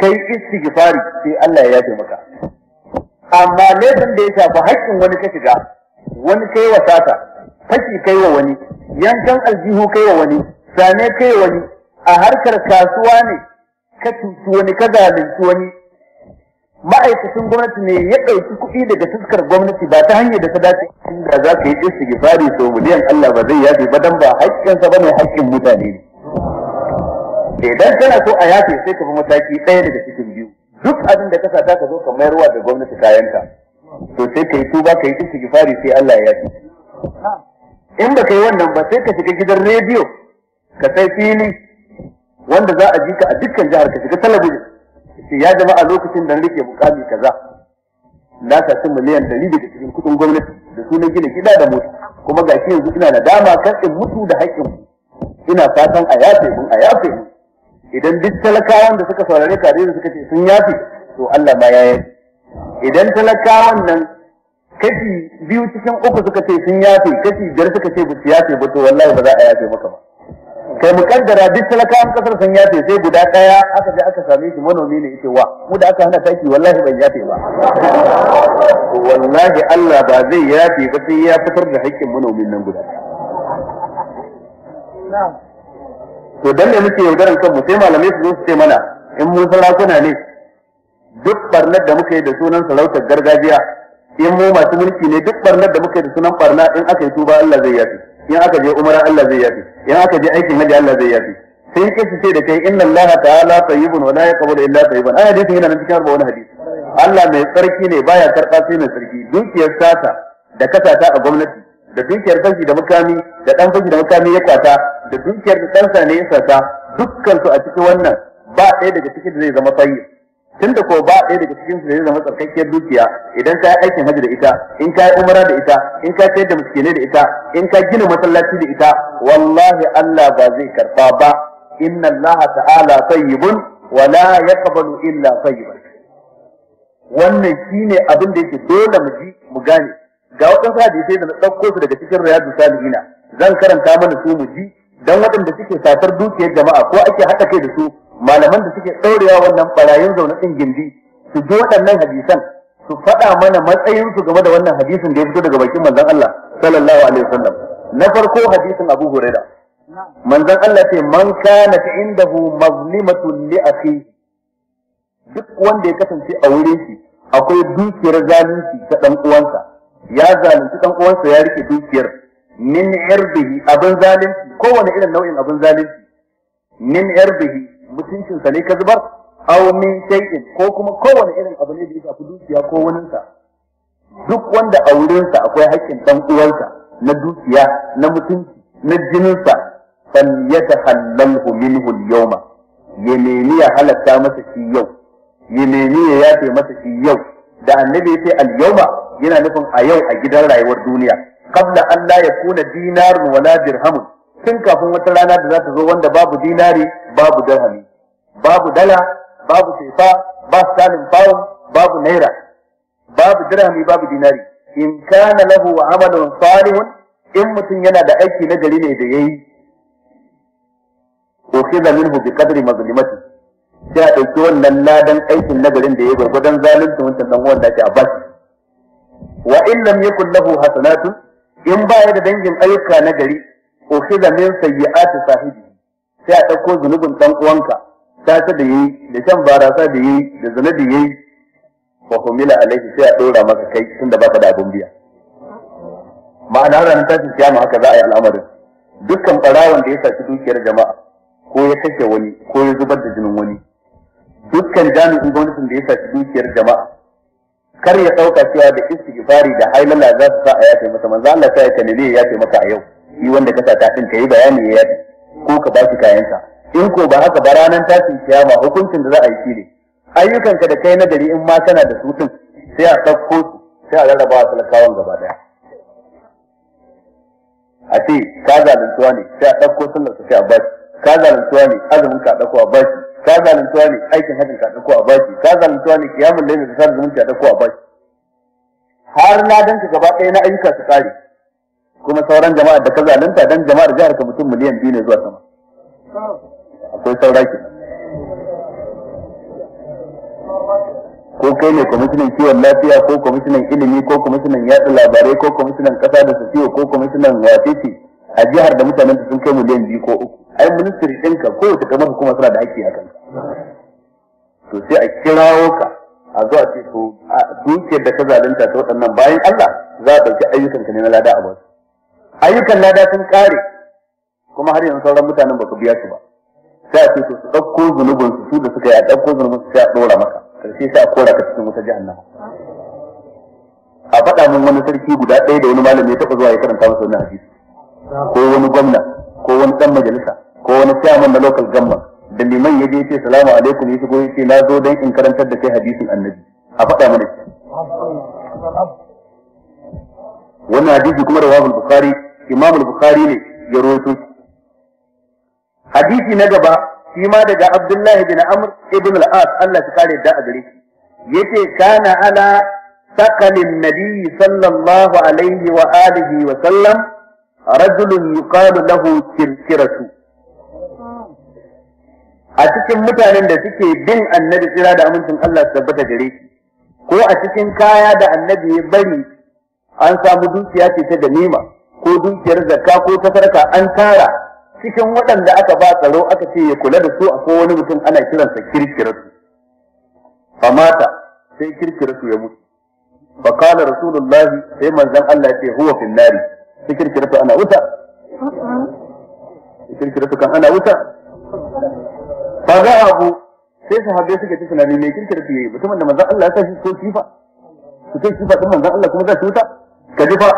kai istighfari sai Allah ya yafe maka amma laifin da ya shafi haƙƙin wani ka shiga wani kai wa sata faki kai wa wani yankan aljihu kai wa wani sane kai wani a harkar kasuwa ne ka cuci wani ka zalunci wani ma'aikacin gwamnati ne ya ɗauki kuɗi daga fuskar gwamnati ba ta hanyar da ta dace inda za ka yi istighfari sau miliyan Allah ba zai yafe ba dan ba haƙƙinsa ne, haƙƙin mutane ne idan kana so a yafe sai ka bi mataki ɗaya daga cikin biyu duk abin da ka sa ka zo ka mayarwa da gwamnati kayanka to sai ka yi tuba ka yi istighfari sai Allah ya yafe in ba ka yi wannan ba sai ka shiga gidan rediyo ka sai fili wanda za a ji ka a dukkan jihar ka shiga talabijin sai ya a lokacin da na rike mukami kaza na saci miliyan ɗari daga cikin kuɗin gwamnati da sunan gina gida da mota kuma ga shi yanzu ina nadama kan in mutu da hakkin. ina fatan a yafe mun a yafe idan duk talakawan da suka saurare ka da suka ce sun yafe to Allah ma ya yafe idan talakawan nan kashi biyu cikin uku suka ce sun yafe kashi biyar suka ce ba su yafe ba to wallahi ba za a yafe maka ba kai mukaddara duk an kasar sun yafe sai guda daya aka je aka same shi manomi ne yake wa mu da aka hana taki wallahi ban yafe ba wallahi Allah ba zai yafe ba sai ya fitar da haƙƙin manomin nan guda to dan ne muke yaudaran kanmu sai malamai su zo su ce mana in mun sarakuna ne duk barnar da muka yi da sunan sarautar gargajiya in mu masu mulki ne duk barnar da muka yi da sunan barna in aka yi tuba Allah zai yafe in aka je umara Allah zai yafe in aka je aikin haji Allah zai yafi sai ka ce da kai inna Allah ta'ala tayyibun wa la yaqbalu illa tayyiban ai hadisin yana nan cikin arba wani hadisi Allah mai tsarki ne baya karɓa sai mai tsarki dukiyar sata da kasata a gwamnati da dukiyar banki da mukami da dan banki da mukami ya kwata da dukiyar da ɗansa ne ya sata dukkan su a cikin wannan ba ɗaya daga cikin zai zama fayyis tun da ko ba ɗaya daga cikin su ne zama tsarkakkiyar dukiya idan ka yi aikin hajji da ita in ka yi umara da ita in ka ciyar da miskinai da ita in ka gina masallaci da ita wallahi Allah ba zai karfa ba inna Allah ta'ala tayyibun wa la yaqbalu illa tayyiban wannan shine abin da yake dole mu ji mu gane ga waɗansu hadisai da na ɗauko su daga cikin riyadu salihina zan karanta mana su mu ji dan waɗanda suke satar dukiyar jama'a ko ake haɗa kai da su malaman da suke ɗaurewa wannan barayin zaune ɗin gindi su ji waɗannan hadisan su faɗa mana matsayinsu game da wannan hadisin da ya fito daga bakin manzon Allah sallallahu alaihi wasallam na farko hadisin Abu Huraira manzon Allah ce man kana indahu mazlimatu li akhi duk wanda ya kasance a wurin shi akwai dukiyar zalunci ta dan uwansa ya zalunci dan uwansa ya rike dukiyar min irbihi abin zalunci kowane irin nau'in abin zalunci min irbihi mutuncinsa ne ka zubar aw min shay'in ko kuma kowane irin abu ne da ya safi dukiya ko waninsa duk wanda a wurinsa akwai haƙƙin dan uwarsa na dukiya na mutunci na jininsa fal yatahallalhu minhu al-yawma ya ya halatta masa shi yau ya nemi ya yafe masa shi yau da annabi ya ce al-yawma yana nufin a yau a gidan rayuwar duniya qabla an la yakuna dinarun wala dirhamun tun kafin wata rana da za ta zo wanda babu dinari babu dirhami babu dala babu sefa ba sanin pound babu naira babu dirhami babu dinari in kana lahu amalun salihun in mutum yana da aiki na gari ne da yayi da minhu bi qadri mazlimati sai a ɗauki wannan ladan aikin nagarin da ya gwargwadon zalunci wannan dan uwan da ake abbas wa in lam yakul lahu hasanatun in ba ya da dangin ayyuka na gari ukhidha min sayyi'ati sahibi sai a ɗauko zunubin ɗan uwanka ta da yayi da shan barasa da yayi da zuna da yayi fa humila alaihi sai a ɗora maka kai tunda baka da abun biya ma'ana ta tashin kiyama haka za a yi al'amarin dukkan barawan da ya saki dukiyar jama'a ko ya kashe wani ko ya zubar da jinin wani dukkan jami'in gwamnatin da ya saki dukiyar jama'a kar ya ɗauka cewa da istighfari da hailala za su sa a yafe masa manzo Allah sai ka ne ya yafe maka a yau Yi wanda ka sata ka kai bayani ya yi ko ka bashi kayansa in ko ba haka ba ranar tashin kiyama hukuncin da za a yi shi ne ayyukanka da kai na gari in ma kana da sutun sai a ɗauko su sai a rarraba wa talakawan gaba daya a ce ka zalintuwa ne sai a ɗauko sallar sai a bashi ka zalintuwa ne azumin ka ɗauko a bashi ka zalintuwa ne aikin hajjin ka ɗauko a bashi ka zalintuwa ne kiyamun laifin da sa zumunci a ɗauko a bashi har na danka gaba ɗaya na ayyuka su ƙare kuma sauran jama'ar da ka zalunta dan jama'ar jihar ka mutum miliyan biyu ne zuwa sama akwai saura ko kai ne kwamishinan kiwon lafiya ko kwamishinan ilimi ko kwamishinan yaɗa labarai ko kwamishinan ƙasa da su ko kwamishinan wafiti a jihar da mutanen sun kai miliyan biyu ko uku ai ministiri ɗinka ko wata kamar hukuma suna da haƙƙi a kan to sai a kirawo ka a zo a ce to dukiyar da ka zalunta ta waɗannan bayan Allah za a ɗauki ayyukanka ne na lada a wasu ayyukan lada sun kare kuma har yanzu sauran mutanen ba su biya su ba sai a ce su su ɗauko zunubin su su da suka yi a ɗauko zunubin su sai a ɗora maka ƙarshe sai a kora ka cikin wuta jahannama a faɗa min wani sarki guda ɗaya da wani malami ya taɓa zuwa ya karanta masa wani hadisi ko wani gwamna ko wani ɗan majalisa ko wani chairman na local government da liman ya je ya ce salamu alaikum ya shigo ya ce na zo don in karantar da kai hadisin annabi a faɗa mana wannan hadisi kuma da rawahul bukhari imam al-bukhari ne ya rawaito hadisi na gaba shi ma daga abdullahi bin amr ibn al-as Allah ya kare da a gare shi yace kana ala saqalin nabi sallallahu alaihi wa alihi wa sallam rajulun yuqalu lahu kirkiratu a cikin mutanen da suke bin annabi tsira da amincin Allah su tabbata gare shi ko a cikin kaya da annabi ya bari an samu dukiya ce ta ganima ko dukiyar zakka ko ta sarka an tara cikin waɗanda aka ba tsaro aka ce ya kula da su a wani mutum ana kiransa kirkiratu famata sai kirkiratu ya mutu fa qala rasulullah sai manzon Allah ya ce huwa fil nari sai kirkiratu ana wuta kirkiratu kan ana wuta fa abu sai sahabbai suka ci tunani mai kirkiratu yayi mutumin da manzon Allah ya sa shi so kifa, su kai sifa din manzon Allah kuma za su wuta ka ji fa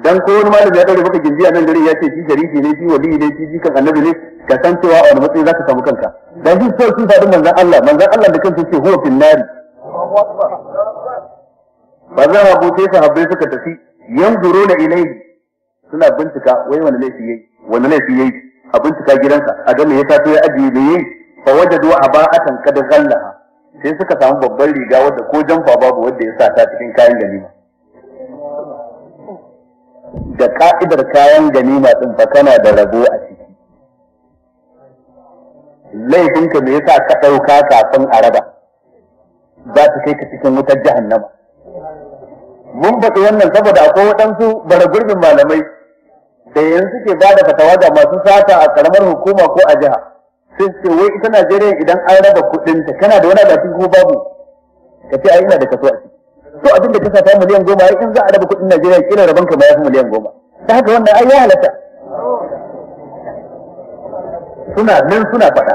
dan ko wani malami ya daure maka gindi a nan gari ya ce shi sharifi ne shi wali ne shi jikan annabi ne ka san cewa a wani matsayi zaka samu kanka dan shi so sun faɗi manzon Allah manzon Allah da kansa ce huwa fil nari ba za a ka habbe suka tafi Yan yanzuruna ilai suna bincika wai wani laifi yayi wani laifi yayi a bincika gidansa a ga me ya tafi ya ajiye da yayi fa wajadu aba'atan kad ghallaha sai suka samu babban riga wanda ko jamfa babu wanda ya sa ta cikin kayan ganima da ka'idar kayan ganima din fa kana da rabo a ciki laifinka me yasa ka ɗauka kafin a raba za su kai ka cikin wutar jahannama mun faɗi wannan saboda akwai waɗansu bara gurbin malamai da yanzu ke ba da fatawa ga masu sata a ƙaramar hukuma ko a jiha Sun ce wai ita Najeriya idan an raba kuɗinta kana da wani abin ko babu ka ce ai ina da kaso a to abin da ka sata miliyan goma ai in za a raba kuɗin Najeriya kila raban ka ma yafi miliyan goma ta haka wannan ai ya halatta suna nan suna faɗa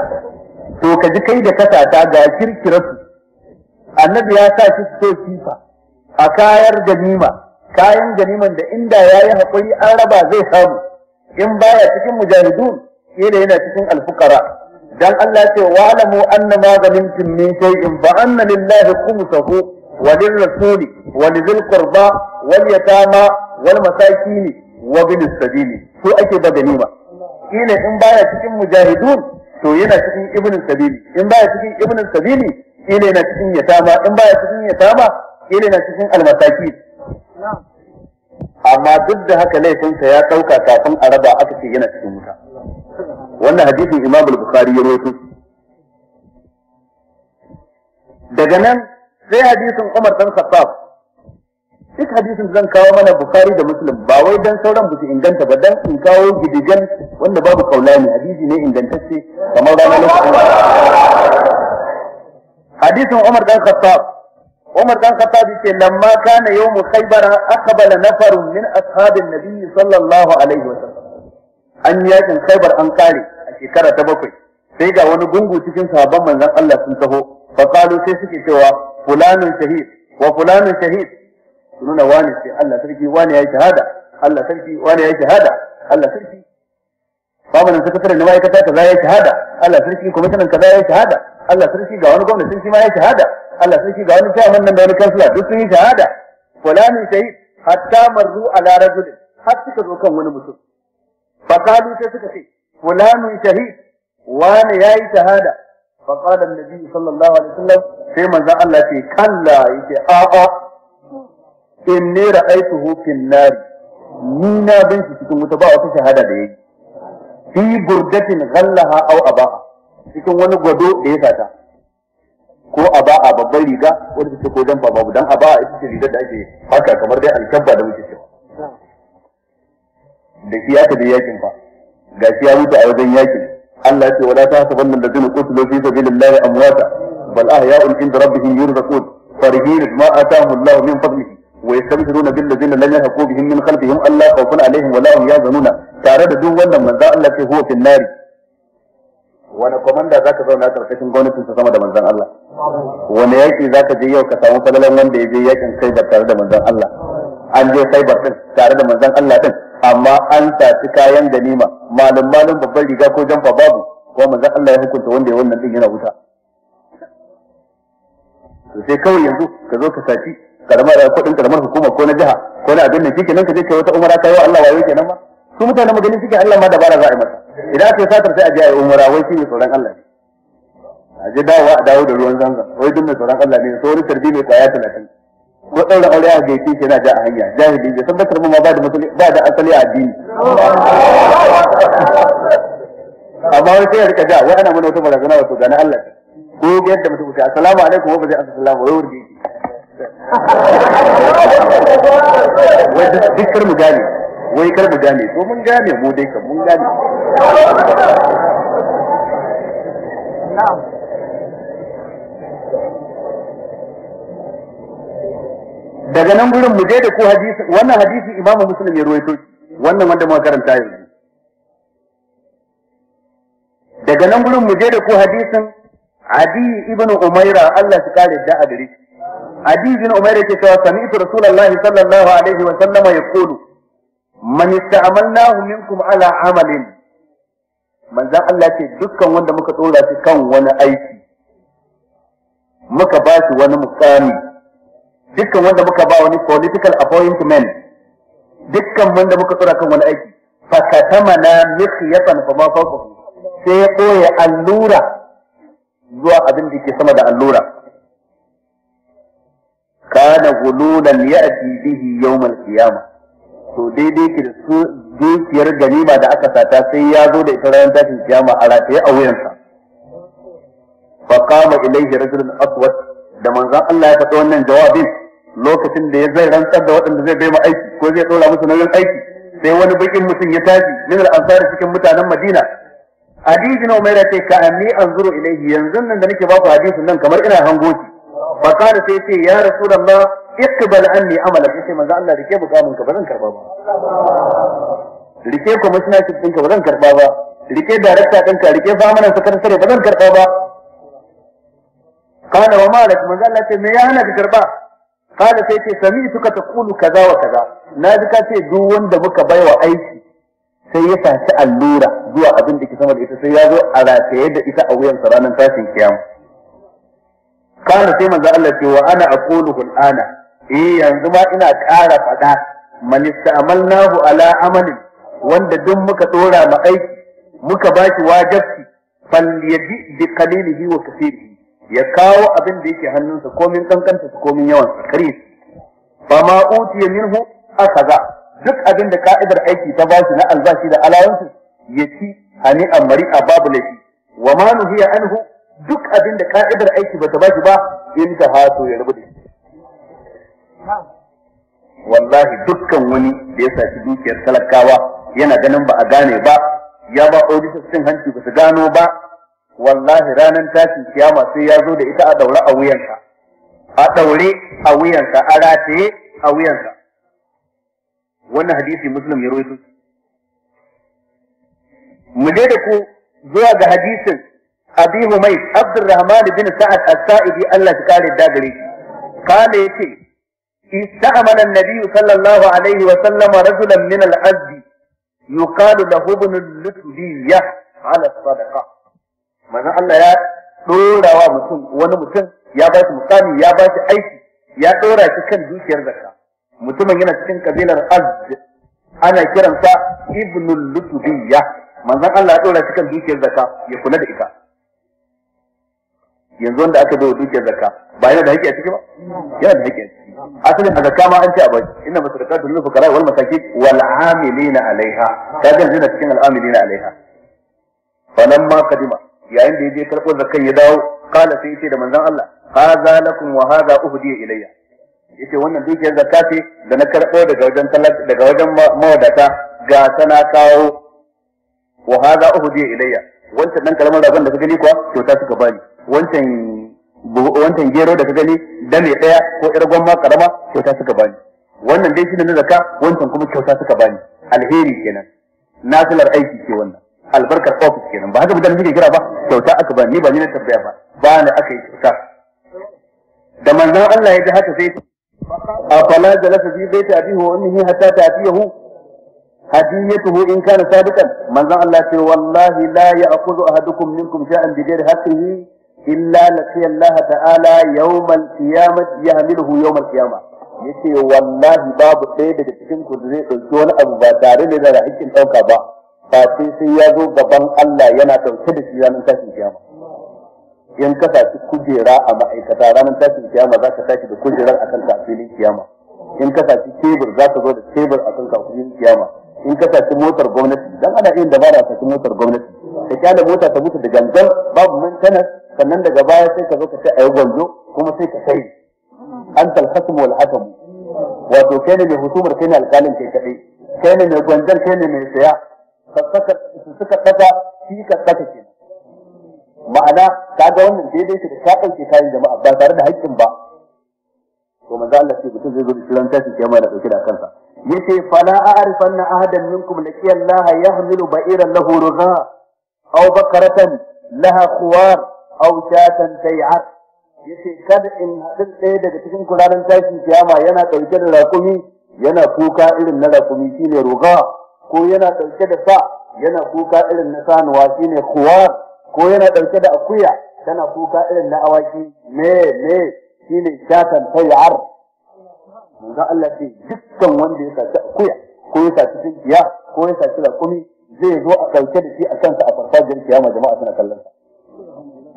to ka ji kai da ka ga kirkirasu annabi ya sa shi so sifa a kayar ganima kayan ganiman da inda ya yi haƙuri an raba zai samu in baya cikin mujahidun kila yana cikin alfukara dan Allah ce wa alamu anna maganin galimtum min shay'in fa anna lillahi khumsahu وللرسول ولذي القربى واليتامى والمساكين وابن السبيل سو ake ba ganima kila in baya cikin mujahidun to yana cikin ibn sabil in baya cikin ibn sabil kila yana cikin yatama in baya cikin yatama kila yana cikin almasaki amma duk da haka laifinsa ya dauka kafin a raba aka ce yana cikin wuta wannan hadisin imam al-bukhari ya rawaito daga nan sai hadisin Umar dan Khattab duk hadisin zan kawo mana Bukhari da Muslim ba wai dan sauran su inganta ba dan in kawo gidigan wanda babu kaulani hadisi ne ingantacce kamar ranar lokacin hadisin Umar dan Khattab Umar dan Khattab yace lamma kana yawmu Khaybar aqbala nafarun min ashabin nabiy sallallahu alaihi wasallam an yakin Khaybar an kare a shekara ta bakwai sai ga wani gungu cikin sahabban manzon Allah sun taho fa qalu sai suke cewa fulanun shahid wa fulanun shahid nuna wani sai Allah sarki wani yayi shahada Allah sarki wani yayi shahada Allah sarki babanin sakataren na ma'aikata kaza yayi shahada Allah sarki kwamishinan kaza yayi shahada Allah sarki ga wani gwamnati sun ma yayi shahada Allah sarki ga wani chairman nan da wani kansila duk sun yi shahada fulanin shahid hatta marru ala rajul har suka zo kan wani mutum fakalu sai ce fulanin shahid wani yayi shahada فقال النبي صلى sallallahu alaihi وسلم sai manzon Allah ce kalla yace إني رأيته في النار fin nar ni na bin شهادة cikin wuta ba غلها shahada da yake fi قدو إيه a ko a wani gwado babban riga wanda take ko dan babu dan ba a ce rigar da ake haka kamar dai alkabba da muke cewa da shi aka da yakin fa ga shi ya wuce a wajen yakin Allah ce wala ta saban nan da zina kutulu fi sabilillahi amwata bal ahya'un inda rabbihim yurzaqun farihin ma atahum Allah min fadlihi wa yastabshiruna bil ladzina lam yahqu bihim min khalfihim Allah khawfun alaihim wa la hum tare da duk wannan manzo Allah ce huwa fil nar wani komanda zaka zauna karkashin gwamnatin ta sama da manzon Allah wani yaki zaka je yau ka samu fadalan wanda ya je yakin kai da tare da manzon Allah an je sai din tare da manzon Allah din amma an tafi kayan ganima malum malum babban riga ko jamfa babu ko manzon Allah ya hukunta wanda ya wannan din yana wuta to sai kawai yanzu ka zo ka saki karamar eh, kudin karamar hukuma ko na jiha ko na abin da kike nan ka je kai wata umara kai wa Allah wayo kenan ma su mutane maganin suke Allah ma dabara za a yi masa idan aka yi satar sai a je a yi umara wai shi ne tsoron Allah ne a je dawo a dawo da ruwan zanzan wai duk mai tsoron Allah ne saurin tarbi mai kwaya talatin ko aure a gaishe shi yana ja a hanya jahili bai san bakar ma ba da ba da asali a addini amma wani sai ya rika ja wai ana mana wata barazana wato ga na Allah ko yadda mutum sai assalamu alaikum wa bazai assalamu wai wurge wai duk kar mu gane wai kar mu gane to mun gane mu dai kan mun gane na'am daga nan gurin mu je da ku hadisi wannan hadisi imamu muslim ya ruwaito wannan wanda muka karanta yanzu daga nan gurin mu je da ku hadisin adi ibn umaira Allah ya kare da a adi ibn umaira ke cewa sami'tu rasulullahi sallallahu alaihi wa sallama yaqulu man ista'malnahu minkum ala amalin manzan Allah ce dukkan wanda muka tsora shi kan wani aiki muka ba shi wani mukami dukkan wanda muka ba wani political appointment dukkan wanda muka tsora kan wani aiki fakatama na mikhyatan fa ma fawqa sai ya koya allura zuwa abin da ke sama da allura kana gululan ya'ti bihi yawmal qiyamah to daidai ke da su dukiyar ganima da aka sata sai ya zo da ita ranar tashin kiyama a rataye a wuyansa fa kama ilayhi rajulun aswad da manzon Allah ya faɗi wannan jawabin lokacin da ya zai rantsar da waɗanda zai bai ma aiki ko zai tsora musu nauyin aiki sai wani bakin mutum ya tashi min al-ansar cikin mutanen Madina hadisi na Umaira ce ka anni anzuru ilayhi yanzu nan da nake baku hadisin nan kamar ina hango shi fa kana sai ce ya rasulullah iqbal anni amalan sai manzo Allah rike bukamin ka bazan karba ba rike commissioner din ka bazan karba ba rike director din ka rike famanan sakatare bazan karba ba kana wa malak manzo Allah ce me ya hana ka karba kada sai ce sami suka ta kulu kaza wa kaza na ji ka ce duk wanda muka bai wa aiki sai ya saci allura zuwa abin da ke sama da ita sai ya zo a rataye da ita a wuyan sa ranar tashin kiyama kana sai manzo Allah ce wa ana aqulu ana eh yanzu ma ina ƙara faɗa man ista'malnahu ala amali wanda duk muka dora ma aiki muka bashi wajibi fal yadi bi qalilihi wa kaseerihi ya kawo abin da yake hannunsa komin kankanta su komin yawan sakari ba uti ya ya minhu za duk abin da ka'idar aiki ta bashi na albashi da alawansu ya ci hani a babu laifi wa ma nuhiya anhu duk abin da ka'idar aiki bata bashi ba in ta hato ya rubuta wallahi dukkan wani da ya saci dukiyar talakawa yana ganin ba a gane ba ya ba auditors cin hanci ba su gano ba wallahi ranar tashin kiyama sai ya zo da ita a daure a wuyansa a daure a wuyansa a rataye a wuyansa wannan hadisi muslim ya rawaito mu je da ku zuwa ga hadisin abi humayt abdurrahman bin sa'ad as-sa'idi Allah ya kare da gare shi kana yace استعمل النبي صلى الله عليه وسلم رجلا من الأزد يقال له ابن اللتبية على الصدقة manzon Allah ya dora wa mutum wani mutum ya ba shi mukami ya ba shi aiki ya dora shi kan dukiyar zakka mutumin yana cikin kabilar azd ana kiransa ibnul lutubiyya manzon Allah ya dora shi kan dukiyar zakka ya kula da ita yanzu wanda aka bai dukiyar zakka ba yana da haƙƙi a ciki ba yana da haƙƙi a ciki asalin a zakka ma an ce a bai inna masadaqatu lil fuqara wal masakin wal amilina alaiha kaga yanzu na cikin al amilina alaiha falamma qadima yayin da yaje karbo zakan ya dawo kala sai yace da manzon Allah hadha lakum wa hadha uhdiya ilayya yace wannan dukiyar zakka ce da na karɓo daga wajen daga wajen mawadata ga tana kawo wa hadha uhdiya ilayya wancan dan karamar rabon da ka gani kuwa kyauta suka bani wancan wancan gero da ka gani dame daya ko yar gwamma karama kyauta suka bani wannan dai shine na zakka wancan kuma kyauta suka bani alheri kenan nasilar aiki ke wannan albarkar ofis kenan ba haka mutane suke kira ba kyauta aka ba ni ba ni na tambaya ba ba ni aka yi kyauta da manzon Allah ya ji haka sai a fala jalasa fi baiti abihi wa ummihi hatta ta'tiyahu hadiyatuhu in kana sadiqan manzon Allah ya ce wallahi la ya'khudhu ahadukum minkum sha'an bi ghairi haqqihi illa laqiya Allah ta'ala yawmal al-qiyamati yahmiluhu yawmal al-qiyamah yace wallahi babu ɗaya daga cikin ku zai ɗauki wani abu ba tare da da hakkin ɗauka ba ba sai sai ya zo gaban Allah yana ɗauke da shi ranar tashin kiyama in ka saci kujera a ma'aikata ranar tashin kiyama za ka tashi da kujerar akan ka a filin kiyama in ka saci tebur za ka zo da tebur akan ka a filin kiyama in ka saci motar gwamnati dan ana yin dabara a saci motar gwamnati ka kyale mota ta mutu da gangan babu maintenance sannan daga baya sai ka zo ka sai yi gwanzo kuma sai ka sai an talhasmu wal hakamu wato kai ne mai hukumar kai ne alƙalin kai kaɗai kai ne mai gwanjan kai ne mai saya suka ɗaga shi ka ɗaga ke ma'ana ka ga wannan daidai shi da ka ɗauke kayan jama'a ba tare da haƙƙin ba to manzo Allah ce mutum zai zo da shirin tashi kiyama da ɗauke da kansa yace fala a'rifanna ahadan minkum laqiya Allah yahmilu ba'iran lahu rugha aw bakaratan laha khuwar aw shatan tay'ar yace kada in hadin ɗaya daga cikin kuranan tashi kiyama yana ɗauke da raƙumi? yana kuka irin na rakumi shine rugha ko yana ɗauke da sa yana kuka irin na sanuwa ne kuwa ko yana ɗauke da akuya tana kuka irin na awaki me me shine shatan tayar ga Allah ce dukkan wanda ya saci akuya ko ya saci tinkiya ko ya saci rakumi zai zo a ɗauke da shi a kansa a farfajiyar kiyama jama'a suna kallon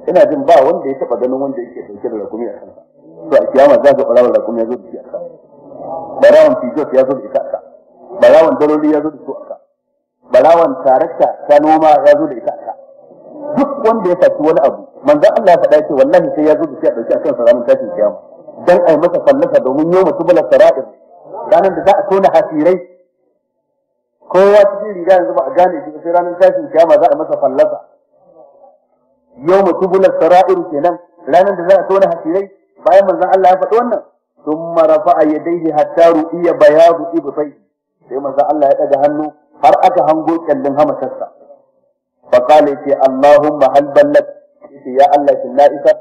sa ina jin ba wanda ya taɓa ganin wanda yake ɗauke da rakumi a kansa to a kiyama za ka ɓarawar rakumi ya zo da shi a kansa ɓarawar fijof ya zo da ita a kansa Balawan daloli ya zo da su aka balawan tarakta ta noma ya zo da ita aka duk wanda ya saki wani abu manzo Allah ya faɗa ce wallahi sai ya zo da shi a ɗauki akan sa ranar tashin kiyama dan ai masa fallasa domin yau mutum bala sara'ir ranar da za a tona hasirai kowa cikin riga yanzu ba a gane shi sai ranar tashin kiyama za a masa fallasa yau mutum bala sara'ir kenan ranar da za a tona hasirai bayan manzo Allah ya faɗi wannan ثم رفع يديه حتى رؤي بياض ابطيه sai manzon Allah ya daga hannu har aka hango kyallin hamasarsa fa qala ce Allahumma hal ballat ce ya Allah shin la isar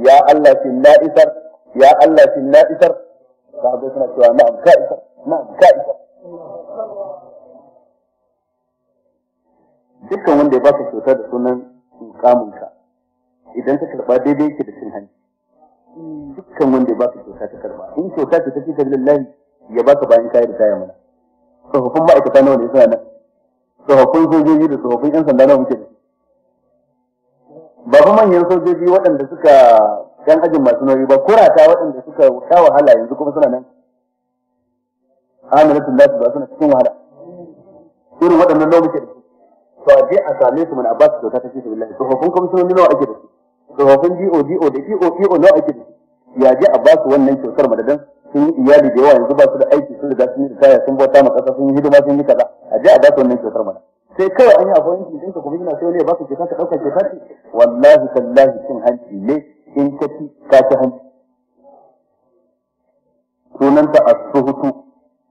ya Allah shin la isar ya Allah shin la isar sahabbai suna cewa na'am ka na'am ka isar dukkan wanda ya baka kyauta da sunan ka idan ka karba daidai yake da cin hanci dukkan wanda ya baka kyauta ta karba in kyauta ce ta fi lillahi ya baka bayan kayan da kaya mana tsofaffin ma'aikata nawa ne suna nan tsofaffin sojoji da tsofaffin yan sanda nawa muke da ba fa manyan sojoji waɗanda suka yan ajin masu nauyi ba kurata waɗanda suka sha wahala yanzu kuma suna nan amilatun lati ba suna cikin wahala irin waɗannan nawa muke da su to a je a same su mun abbas kyauta ta ce billahi tsofaffin kwamishinoni nawa ake da su tsofaffin DODO da K-O-E-O nawa ake da su ya je a ba su wannan kyautar madadin sun yi iyali da yawa yanzu ba su da aiki riga sun yi kaya sun bauta ma kasa sun yi hidima sun yi kaza a je a ba su wannan kyautar mana sai kawai an yi appointment din ka kuma yana sai ne ya ba ka kyauta ka dauka kyauta wallahi tallahi cin hanci ne in ka ci ka ci hanci sunanta as-suhutu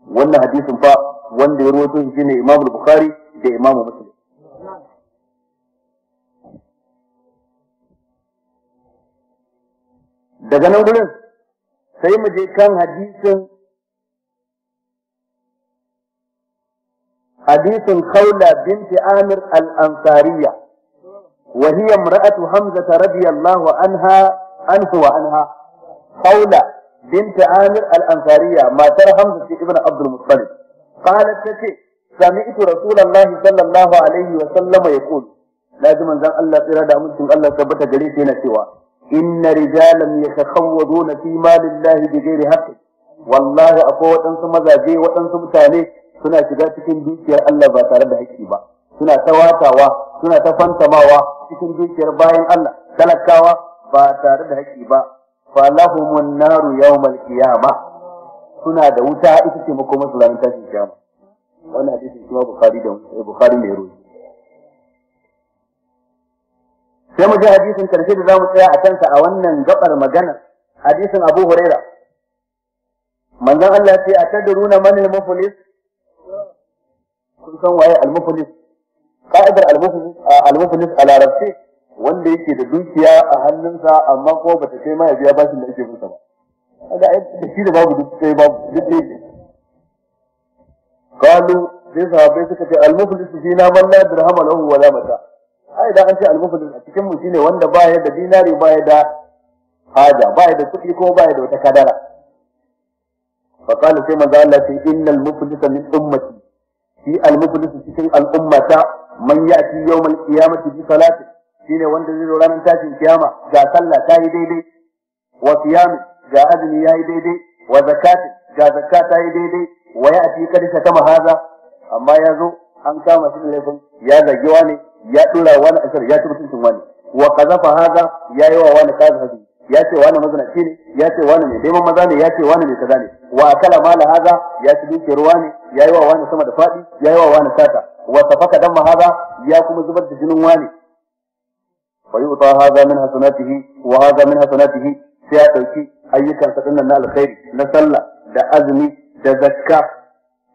wannan hadisin fa wanda ya rawaito shi ne Imam Bukhari da Imam Muslim daga nan gurin sai mu je kan hadisin hadisin khawla binti amir al-ansariya wa hiya imra'atu hamza radiyallahu anha anhu wa anha khawla binti amir al-ansariya matar hamza ce ibnu abdul muttalib qalat tace sami'tu rasulullahi sallallahu alaihi wa sallam yaqul lazim manzon Allah tsira da mutum Allah tabbata gare shi yana cewa inna rijalan na fi malillahi bighairi haqqin wallahi akwai waɗansu mazaje waɗansu mutane suna shiga cikin dukiyar Allah ba tare da haƙƙi ba suna ta watawa suna ta fantamawa cikin dukiyar bayan Allah talakawa ba tare da haƙƙi ba lahumun naru yawmal qiyama suna da wuta ita ce makoma su ranar tashin kiyama wannan hadisi kuma bukhari da bukhari ne ruwa sai mu ji hadisin karshe da zamu tsaya a kansa a wannan gabar magana hadisin Abu Huraira manzon Allah ya ce atadruna manil muflis kun san waye al-muflis ka'idar al-muflis a larabci wanda yake da dukiya a hannunsa amma ko bata kai ma ya biya bashin da yake musa ba kaga ai da shi da babu duk sai babu duk ne qalu sai sahabbai suka ce al-muflis fina man la dirham lahu wala mata ai da an ce al-muflis a cikin mu shine wanda ba ya da dinari ba ya da haja ba ya da kuɗi ko ba ya da wata kadara fa qala sai manzo Allah sai innal muflisa min ummati في المجلس في الأمة من يأتي يوم القيامة بصلاة شيني واندزي رولانا تاتي القيامة جا صلى تاي دي دي وقيام جا أذن ياي دي دي وزكاة جا زكاة تاي دي دي ويأتي كرسة كما هذا أما يزو أن كام سنة لكم يا زجواني جواني يا تلا وانا أسر يا تبسل وقذف هذا يا يوا وانا كاذ هذي ya ce wani mazinaci ne ya ce wani mai neman maza ne ya ce wani mai kaza ne wa ma mala haza ya ci duke ruwa ne ya yi wa wani sama da faɗi ya yi wa wani sata wa tafaka dan haza ya kuma zubar da jinin wani fa yu'ta haza min hasanatihi wa haza min hasanatihi sai ya dauki ayyukan sa dinnan na alkhairi na sallah da azumi da zakka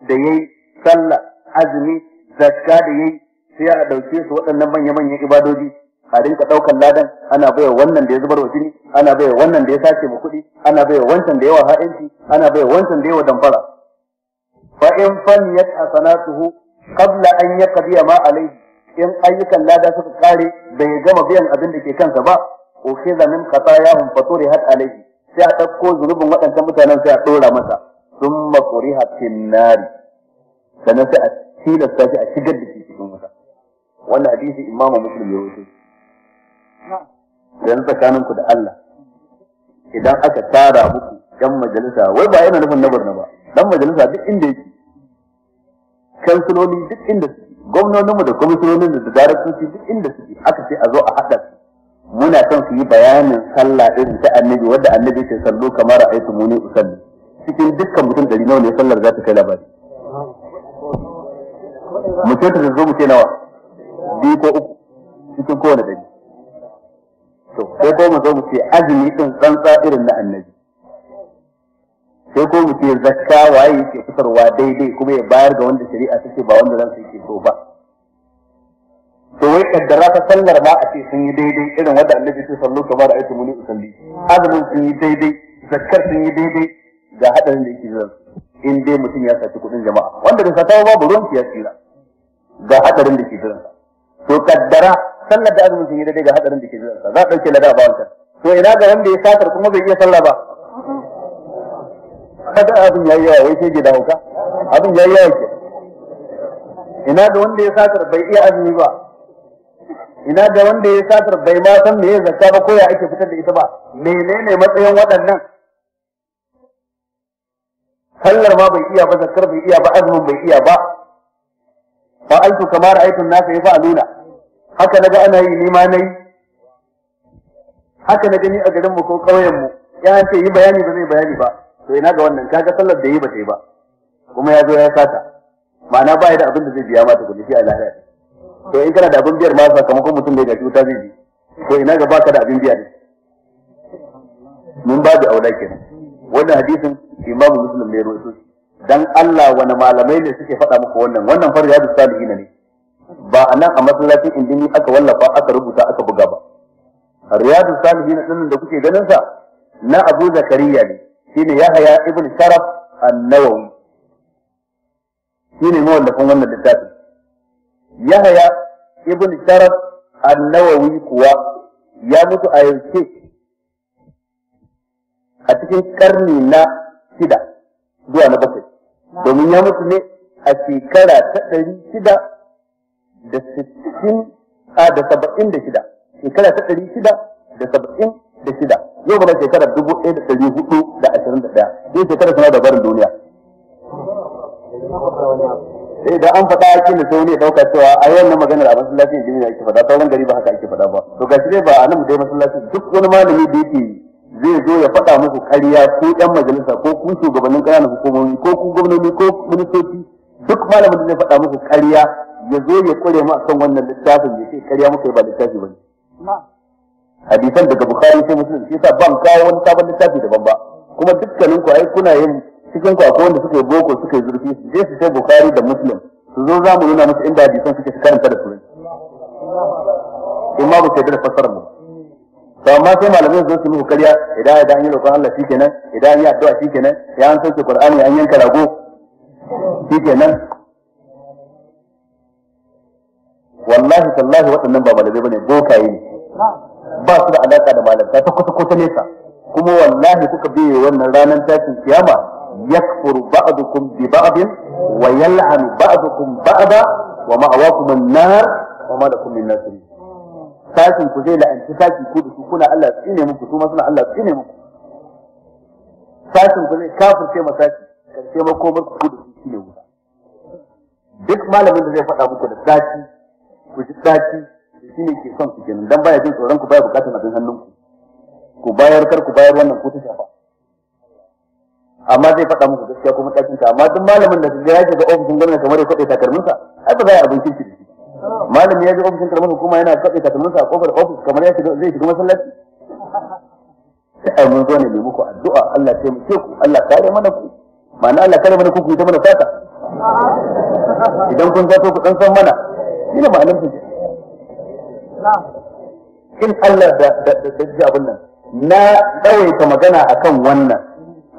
da yayi sallah azumi zakka da yayi sai ya dauke su waɗannan manya-manyan ibadoji a rinka ɗaukar ladan ana baiwa wannan da ya zubar wa jini ana baiwa wannan da ya sace mu kuɗi ana baiwa wancan da yawa ha'inci ana baya wancan da yawa damfara fa in faniyat hasanatuhu qabla an biya ma alayhi in ayyukan lada suka kare bai gama biyan abin da ke kansa ba ukhiza min qatayahum faturihat alayhi sai a ɗauko zunubin waɗannan mutanen sai a ɗora masa thumma qurihat fin nari sannan sai a tilasta shi a shigar da shi cikin wuta wannan hadisi imamu muslim ya rawaito yanzu tsakaninku da Allah idan aka tara muku yan majalisa wai ba yana nufin na ba dan majalisa duk inda yake kansuloli duk inda suke gwamnoninmu da kwamishinonin da daraktoci duk inda suke aka ce a zo a haɗa su muna son su yi bayanin sallah irin ta annabi wadda annabi ke sallo kamar a aitu muni usalli cikin dukkan mutum dari nawa ne sallar za ta kai labari mutum ta zo mu ce nawa biyu ko uku cikin kowane dari. to sai ko mu zo mu ce azumi din tsantsa irin na annabi sai ko mu ce zakka waye yake fitarwa daidai kuma ya bayar ga wanda shari'a take ba wanda ransa yake so ba to wai kaddara ta sallar ma a ce sun yi daidai irin wanda annabi ce sallu ba da aiki muni usalli azumin sun yi daidai zakkar sun yi daidai ga hadarin da yake zan in dai mutum ya saci kudin jama'a wanda da sata ba babu ruwan ya tsira ga hadarin da ke zan to kaddara sallar da azumin sun yi daidai ga hadarin da ke zuwa za a ɗauke lada ba wancan to ina ga wanda ya satar kuma bai iya sallah ba kada abin yayi yawa wai sai gida hauka abin yayi yawa ke ina ga wanda ya satar bai iya azumi ba ina ga wanda ya satar bai ma san me ya zakka ba ko ya ake fitar da ita ba menene matsayin waɗannan sallar ma bai iya ba zakkar bai iya ba azumin bai iya ba fa'altu kamar aitun an-nasa yaf'aluna haka ga ana yi nima na yi haka na gani a garin mu ko ƙauyenmu, mu ya ce yi bayani ba zai bayani ba to ina ga wannan kaga sallar da yi ba yi ba kuma ya zo ya sata ma'ana ba ya da abin da zai biya mata kuɗi shi a lahira to in kana da abin biyar ma sakamakon mutum da ya gashi wuta zai bi to ina ga baka da abin biya ne mun ba da aula kenan wannan hadisin imamu muslim ne ya rawaito dan Allah wani malamai ne suke faɗa muku wannan wannan farja da salihin ne ba a nan a masallacin indini aka wallafa aka rubuta aka buga ba riyadu salihin din da kuke ganin sa na abu zakariya ne shine haya ibn sharaf an-nawawi shine mawallafin wannan littafin yahaya ibn sharaf an-nawawi kuwa ya mutu a yanke a cikin karni na shida zuwa na bakwai domin ya mutu ne a shekara ta ɗari shida da sittin da saba'in da shida shekara ta ɗari shida da saba'in da shida yau ba shekara dubu ɗaya da ɗari hudu da ashirin da ɗaya yau shekara suna da barin duniya sai da an faɗa ake da sauri ya ɗauka cewa a yi na maganar a masallacin ya ake faɗa sauran gari ba haka ake faɗa ba to gashi dai ba a nan dai masallaci duk wani malami da yake zai zo ya faɗa muku ƙarya ko ƴan majalisa ko ku shugabannin ƙananan hukumomi ko ku gwamnoni ko ministoci duk malamin da zai faɗa muku ƙarya ya zo ya kure mu akan wannan littafin ya ce karya muka ba littafi ne. hadisan daga bukhari sai muslim shi yasa ban kawo wani sabon littafi daban ba kuma dukkanin ku ai kuna yin cikin ku akwai wanda suka yi boko suka yi zurfi su je su sai bukhari da muslim su zo za mu nuna musu inda hadisan suke su karanta da turanci in ma ba su da fassarar mu to amma sai malamai su zo su muku karya idan idan an yi roƙon Allah shikenan idan an yi addu'a shikenan ya an sauke Qur'ani an yanka rago shikenan wallahi tallahi waɗannan ba malamai bane bokaye ne ba su da alaka da malamta ta kusa kusa nesa kuma wallahi kuka biye wannan ranar tashin kiyama yakfuru ba'dukum bi ba'din wa yal'anu ba'dukum ba'da wa ma'awakum an-nar wa ma lakum min nasirin sashin ku zai la'anci sashi ku da su kuna Allah tsine muku su ma suna Allah tsine muku sashin ku zai kafin ma sashi karshe makomar ku da su shine wuta duk malamin da zai faɗa muku da sashi ku ji da shi ne ke son su kenan dan baya jin tsoron ku baya bukatar abin hannunku ku bayar kar ku bayar wannan ko ta shafa amma zai faɗa muku gaskiya kuma ɗakin ka amma duk malamin da ya je ga ofishin gwamnati kamar ya kwaɗe sa ai ba za a abin kirki da shi malami ya ji ofishin karamar hukuma yana kwaɗe sa a kofar ofis kamar ya shiga zai shiga masallaci ai mun zo ne mai muku addu'a Allah ya taimake ku Allah kare mana ku ma'ana Allah kare mana ku ku yi ta mana sata idan kun zato ku dan san mana shi ne ma'anar fushi in Allah da da abin nan na ɗawaita magana kan wannan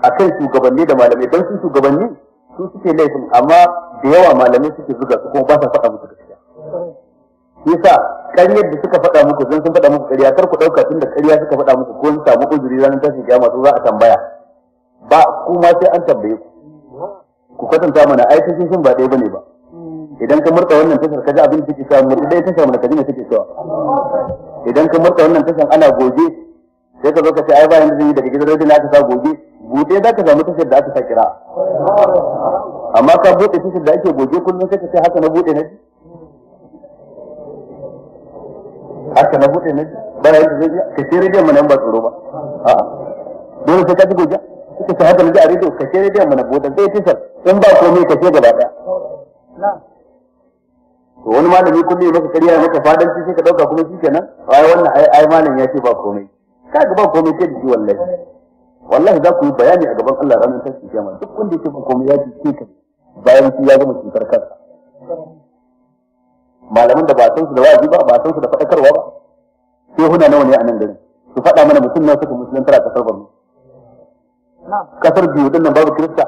a kan shugabanni da malamai don su shugabanni su suke laifin amma da yawa malamai suke zuga su kuma ba sa faɗa musu gaskiya sa ƙaryar da suka faɗa muku zan sun faɗa muku ƙarya kar ku ɗauka tun da ƙarya suka faɗa muku ko samu uzuri ranar tashin kiyama masu za a tambaya ba kuma sai an tambaye ku ku kwatanta mana ai tashin ba ɗaya ba ne ba idan ka murta wannan tashar kaji abin da take cewa murta dai tashar mana kaji ne take cewa idan ka murta wannan tashar ana goge sai ka zo ka ce ai bayan da zai yi daga gidan rediyo na aka sa goge bude za ka samu tashar da aka sa kira amma ka bude tashar da ake goge kullum sai ka ce haka na bude na ji haka na bude na ji bara yadda zai ka ce rediyon mana ba tsoro ba a'a dole sai ka ji goge suka ce haka na ji a rediyo ka ce rediyon mana bude zai tashar in ba komai ka ce gaba daya to wani malami kullum ya maka kariya maka fadanci sai ka dauka kuma shi kenan ai wannan ai ai malamin ya ce ba komai kaga ba komai sai da shi wallahi wallahi za ku yi bayani a gaban Allah ranar tashi kiyama duk wanda yake ba komai ya ce ka bayan shi ya gama cutar kansa malaman da ba san su da wajibi ba ba san su da fadakarwa ba sai huna nawa ne a nan gari su faɗa mana mutum na suka musulunta a kasar na kasar biyu din nan babu kirista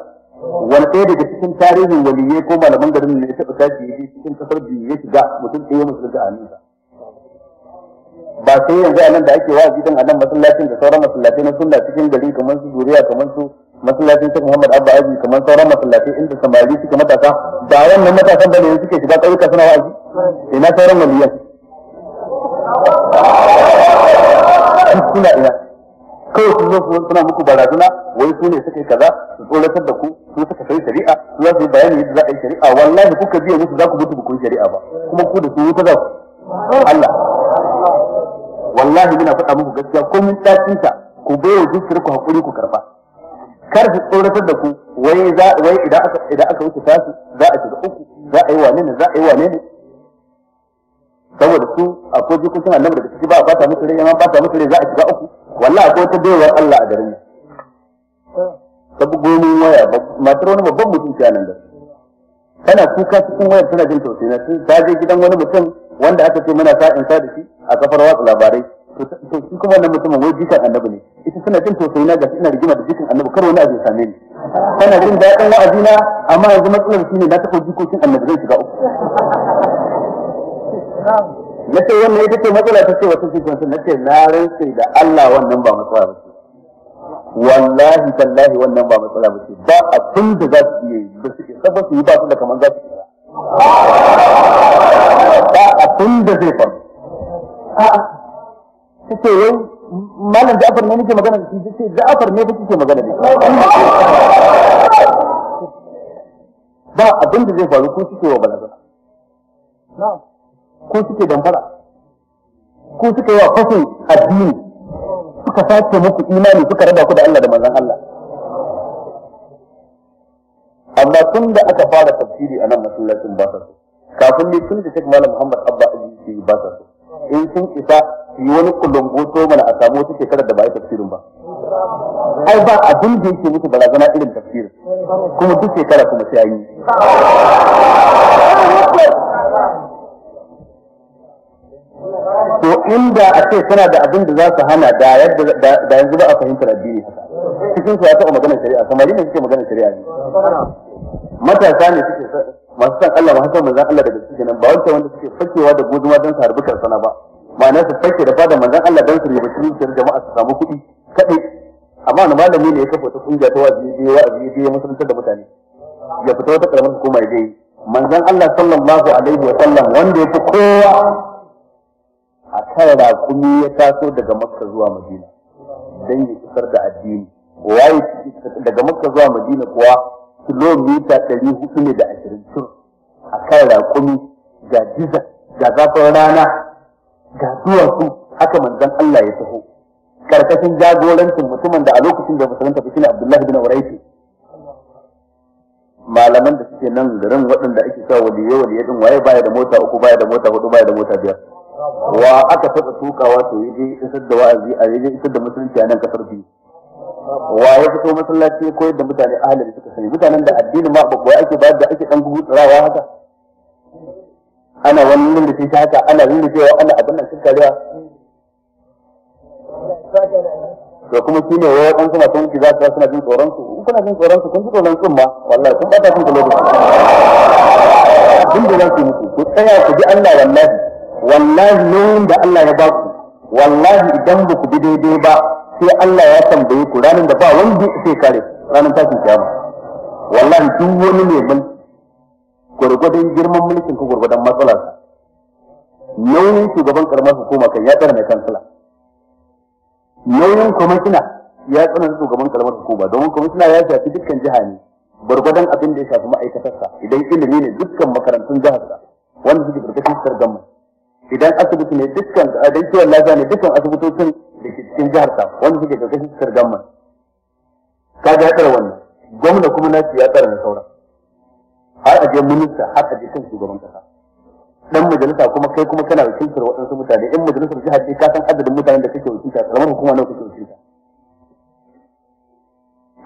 wani ɗaya daga cikin tarihin waliyai ko malaman garin ne ya taɓa tashi yi cikin kasar biyu ya shiga mutum ɗaya musulunta a nisa ba sai yanzu a nan da ake wa'azi dan a nan masallacin da sauran masallatai na sunna cikin gari kamar su zuriya kamar su masallacin Sheikh Muhammad Abba Aji kamar sauran masallatai inda samari suke matasa ba wannan matasan da ne suke shiga ƙauyuka suna wa'azi ina sauran waliyan suna ina kawai sun zo suna muku barazana wai su ne suka yi kaza su tsoratar da ku su suka kai shari'a su za su yi bayani yadda za a yi shari'a wallahi kuka biya musu za ku mutu ku yi shari'a ba kuma ku da su yi za Allah wallahi muna faɗa muku gaskiya mun ɗakin ta ku bayo dukkan ku hakuri ku karba kar su tsoratar da ku wai za wai idan aka idan aka wuce tasu za a shiga uku za a yi wane ne za a yi wane ne saboda su akwai jikokin annabi da ciki ba a fata musu rai ma fata musu rai za a shiga uku wallah ko ta bewar Allah a garin ta bugo min waya matar wani babban mutum ke nan da tana kuka cikin waya tana jin tausayi na ta je gidan wani mutum wanda aka ce muna sa in sa da shi a kafar watsa labarai to shi kuma wannan mutumin wai jikan annabi ne ita suna jin tausayi na gashi ina rigima da jikan annabi kar wani abu ya same ni Kana jin daɗin wa'azi na amma yanzu matsalar ne na taɓa jikokin annabi zai shiga uku na ce wannan ita ce matsala ta ce wata ce kuma na ce na rantse da Allah wannan ba matsala ba ce wallahi tallahi wannan ba matsala ba ce ba a tun da za su yi ba su isa su yi ba su da kamar za su yi ba a tun da zai faru ta ce yau malam da'afar ne nake magana da shi ta ce da'afar ne kake magana da shi ba abin da zai faru ko kike wa balagana na'am ko suke damfara ko suka yi wa fasin addini suka sace muku imani suka raba ku da Allah da manzon Allah amma tun da aka fara tafsiri a nan masallacin ba sa so kafin ne tun da Sheikh Malam Muhammad Abba Aziz ke ba sa so in sun isa yi wani to mana a samu wata shekarar da ba a tafsirin ba ai ba abin da yake musu barazana irin tafsirin kuma duk shekara kuma sai a yi to inda a ce suna da abin da za su hana da yadda da yanzu ba a fahimtar addini haka cikin su ya taɓa magana shari'a samari ne suke magana shari'a ne matasa ne suke masu san Allah masu san manzon Allah daga cikin nan ba wancan wanda suke fakewa da guduma don su harbi karsana ba ma'ana su fake da fada manzan Allah don su ribaci zuciyar jama'a su samu kuɗi kaɗai amma wani malami ne ya kafa wata kungiya ta wa'azi ya wa'azi biyu musulunci da mutane ya fita wata karamar hukuma ya je manzon Allah sallallahu alaihi wa sallam wanda ya fi kowa kan raƙumi ya taso daga makka zuwa madina don ya isar da addini waye daga makka zuwa madina kuwa kilomita ɗari hudu ne da ashirin tur a kan raƙumi ga jiza ga zafin rana ga duwatsu haka manzon Allah ya taho karkashin jagorancin mutumin da a lokacin da tafi shi ne Abdullahi bin Auraifi. malaman da suke nan garin waɗanda ake sa waliye waliye din waye baya da mota uku baya da mota hudu baya da mota biyar wa aka taɓa tukawa to yi dai isar da wa'azi a yi isar da musulunci a nan kasar biyu wa ya fito masallaci ko koyar da mutane ahalari suka sani mutanen da addinin ma babba ake ba da ake dan gugu tsirawa haka ana wani nan da shi haka ana yin da cewa ana abin nan sun kariya to kuma shi ne wai ɗan suna tunki za su suna jin tsoron su in kuna jin tsoron su kun ji tsoron sun ma wallahi kun ta kun kula da su abin da za su mutu ku tsaya ku ji Allah wallahi wallahi nauyin da Allah ya ba ku wallahi idan ba ku bi daidai ba sai Allah ya tambaye ku ranar da ba wanda sai kare ranar tashin kiyama wallahi duk wani ne mun gurgudan girman mulkin ka gurgudan matsalar nauyin shugaban karamar hukuma kai ya tsara mai kansala. nauyin kwamishina ya tsara shugaban karamar hukuma domin kwamishina ya shafi dukkan jiha ne gurgudan abin da ya shafi ma'aikatarsa idan ilimi ne dukkan makarantun jihar wanda suke karkashin sargamma idan asibiti ne dukkan idan kiwon lafiya ne dukkan asibitocin da ke cikin jihar ta wanda suke karkashin cikar gamman ka ga tsara wannan gwamna kuma na ya tsara na sauran har aje minista har aje kan shugaban kasa dan majalisa kuma kai kuma kana wakiltar waɗansu mutane in majalisar jihar ce ka san adadin mutanen da kake wakilta karamar hukuma nawa kake wakilta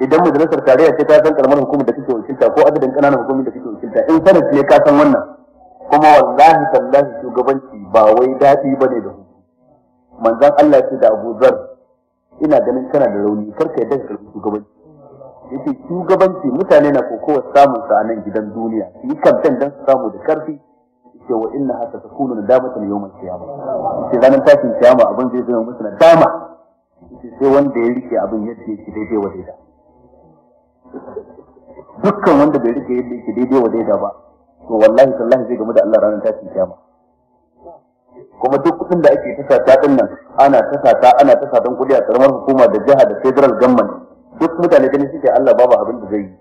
idan majalisar tarayya ce ka san karamar hukumar da kake wakilta ko adadin kananan hukumomi da kake wakilta in sanin ne ka san wannan kuma wallahi tallahi shugabanci ba wai daɗi bane da hu manzon Allah ce da Abu Zar ina ganin kana da rauni karka yadda ka shugabanci yace shugabanci mutane na kokowar samun sa a nan gidan duniya yi kamfen dan su samu da karfi yace wa inna hatta takunu nadamatan yawmal qiyamah yace zanen tashin kiyama abin zai zama musu nadama yace sai wanda ya rike abin yadda yake daidai wa daida dukkan wanda bai rike yadda yake daidai wa daida ba to wallahi tallahi zai gamu da Allah ranar tashin kiyama kuma duk kudin da ake tasa ta din nan ana tasa ta ana tasa don kudi a karamar hukuma da jiha da federal government duk mutane gani suke Allah babu abin da zai yi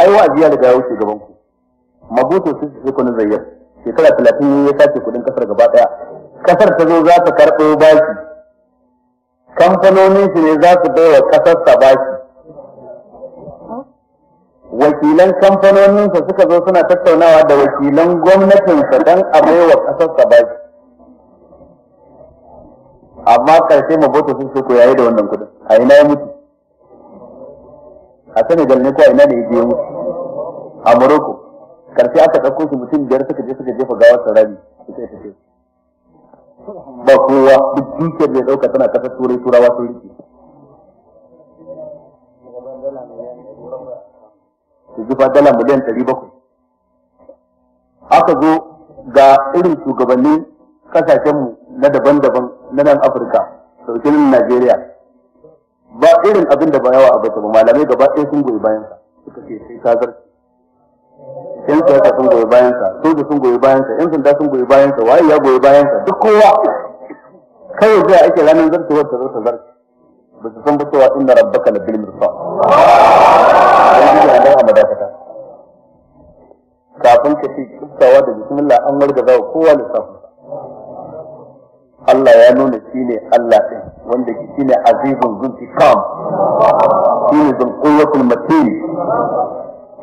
ai wa ya riga gawo wuce gaban ku mabuto su su kuna zayyar shekara 30 ya sace kudin kasar gaba daya kasar ta zo za ta karɓo baki kamfanonin shi ne za su baiwa kasar ta baki wakilan kamfanoninsa suka zo suna tattaunawa da wakilan gwamnatinsa don a baiwa ƙasarsa ba shi amma ƙarshe maboto sun so yayi da wannan kudin a ina ya mutu a senegal ne ko a ina da ya je ya mutu a morocco ƙarshe aka ɗauko su mutum biyar suka je suka jefa gawar sarari ba kowa duk dukiyar da ya ɗauka tana ƙasar turai turawa sun rike su ji fa dala miliyan ɗari bakwai aka zo ga irin shugabannin kasashenmu na daban-daban na nan afirka sauke najeriya ba irin abin da ba yawa a bata ba malamai gaba ɗaya sun goyi bayansa suka ce sai ka zarce yan siyasa sun goyi bayansa soja sun goyi bayansa yan sanda sun goyi bayansa waye ya goyi bayansa duk kowa kai zai ake ranar zartewar ta zo zarce ba su san ba cewa inna rabbaka la bil mirsad dan ji Allah a madakata kafin ka ce kiftawa da bismillah an wargaza wa kowa lissafi Allah ya nuna shi ne Allah ɗin wanda shi ne azizun kam. shi ne zun kuwatul matin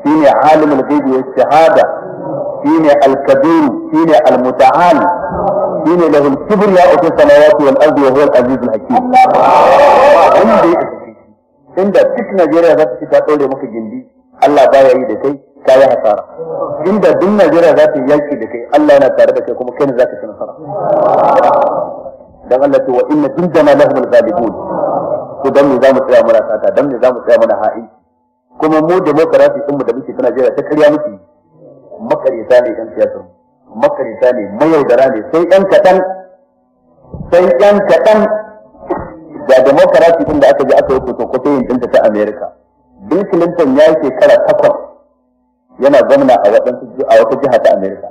shi ne alimul ghaibi wa shahada shi ne alkabiru shi ne almuta'al shine lahu kibriya fi samawati wal ardi wa huwa al aziz hakim inda cikin Najeriya za ta ci ta dore maka gindi Allah ya yi da kai ka yi hasara inda duk Najeriya za ta yi yaki da kai Allah yana tare da kai kuma kai ne za ka ci nasara dan Allah ce wa inna jindana lahum al ghalibun to dan ne mu tsaya muna sata dan ne mu tsaya muna ha'i kuma mu demokrasi din mu da muke ta Najeriya ta karya muke makaryata ne kan siyasar mu makarita ne mayaudara ne sai ɗan kaɗan sai ɗan kaɗan da demokarasi ɗin da aka ji aka yi ko ko yin ta Amerika. Bill Clinton ya yi shekara takwas yana gwamna a wata jiha ta America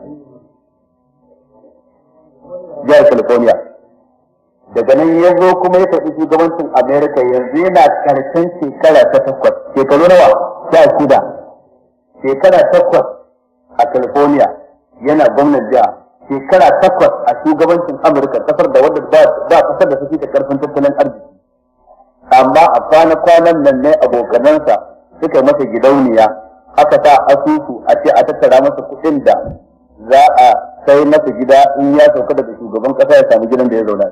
jihar California daga nan ya zo kuma ya karɓi shugabancin Amerika, yanzu yana ƙarshen shekara ta takwas shekaru nawa sha shida shekara takwas a California yana gwamnan jiya shekara takwas a shugabancin amurka kasar da wadda ba kasar da suke da karfin tattalin arziki amma a kwana kwanan nan ne abokanansa suka masa gidauniya aka sa asusu a ce a tattara masa kuɗin da za a sai masa gida in ya sauka daga shugaban kasa ya sami gidan da ya zauna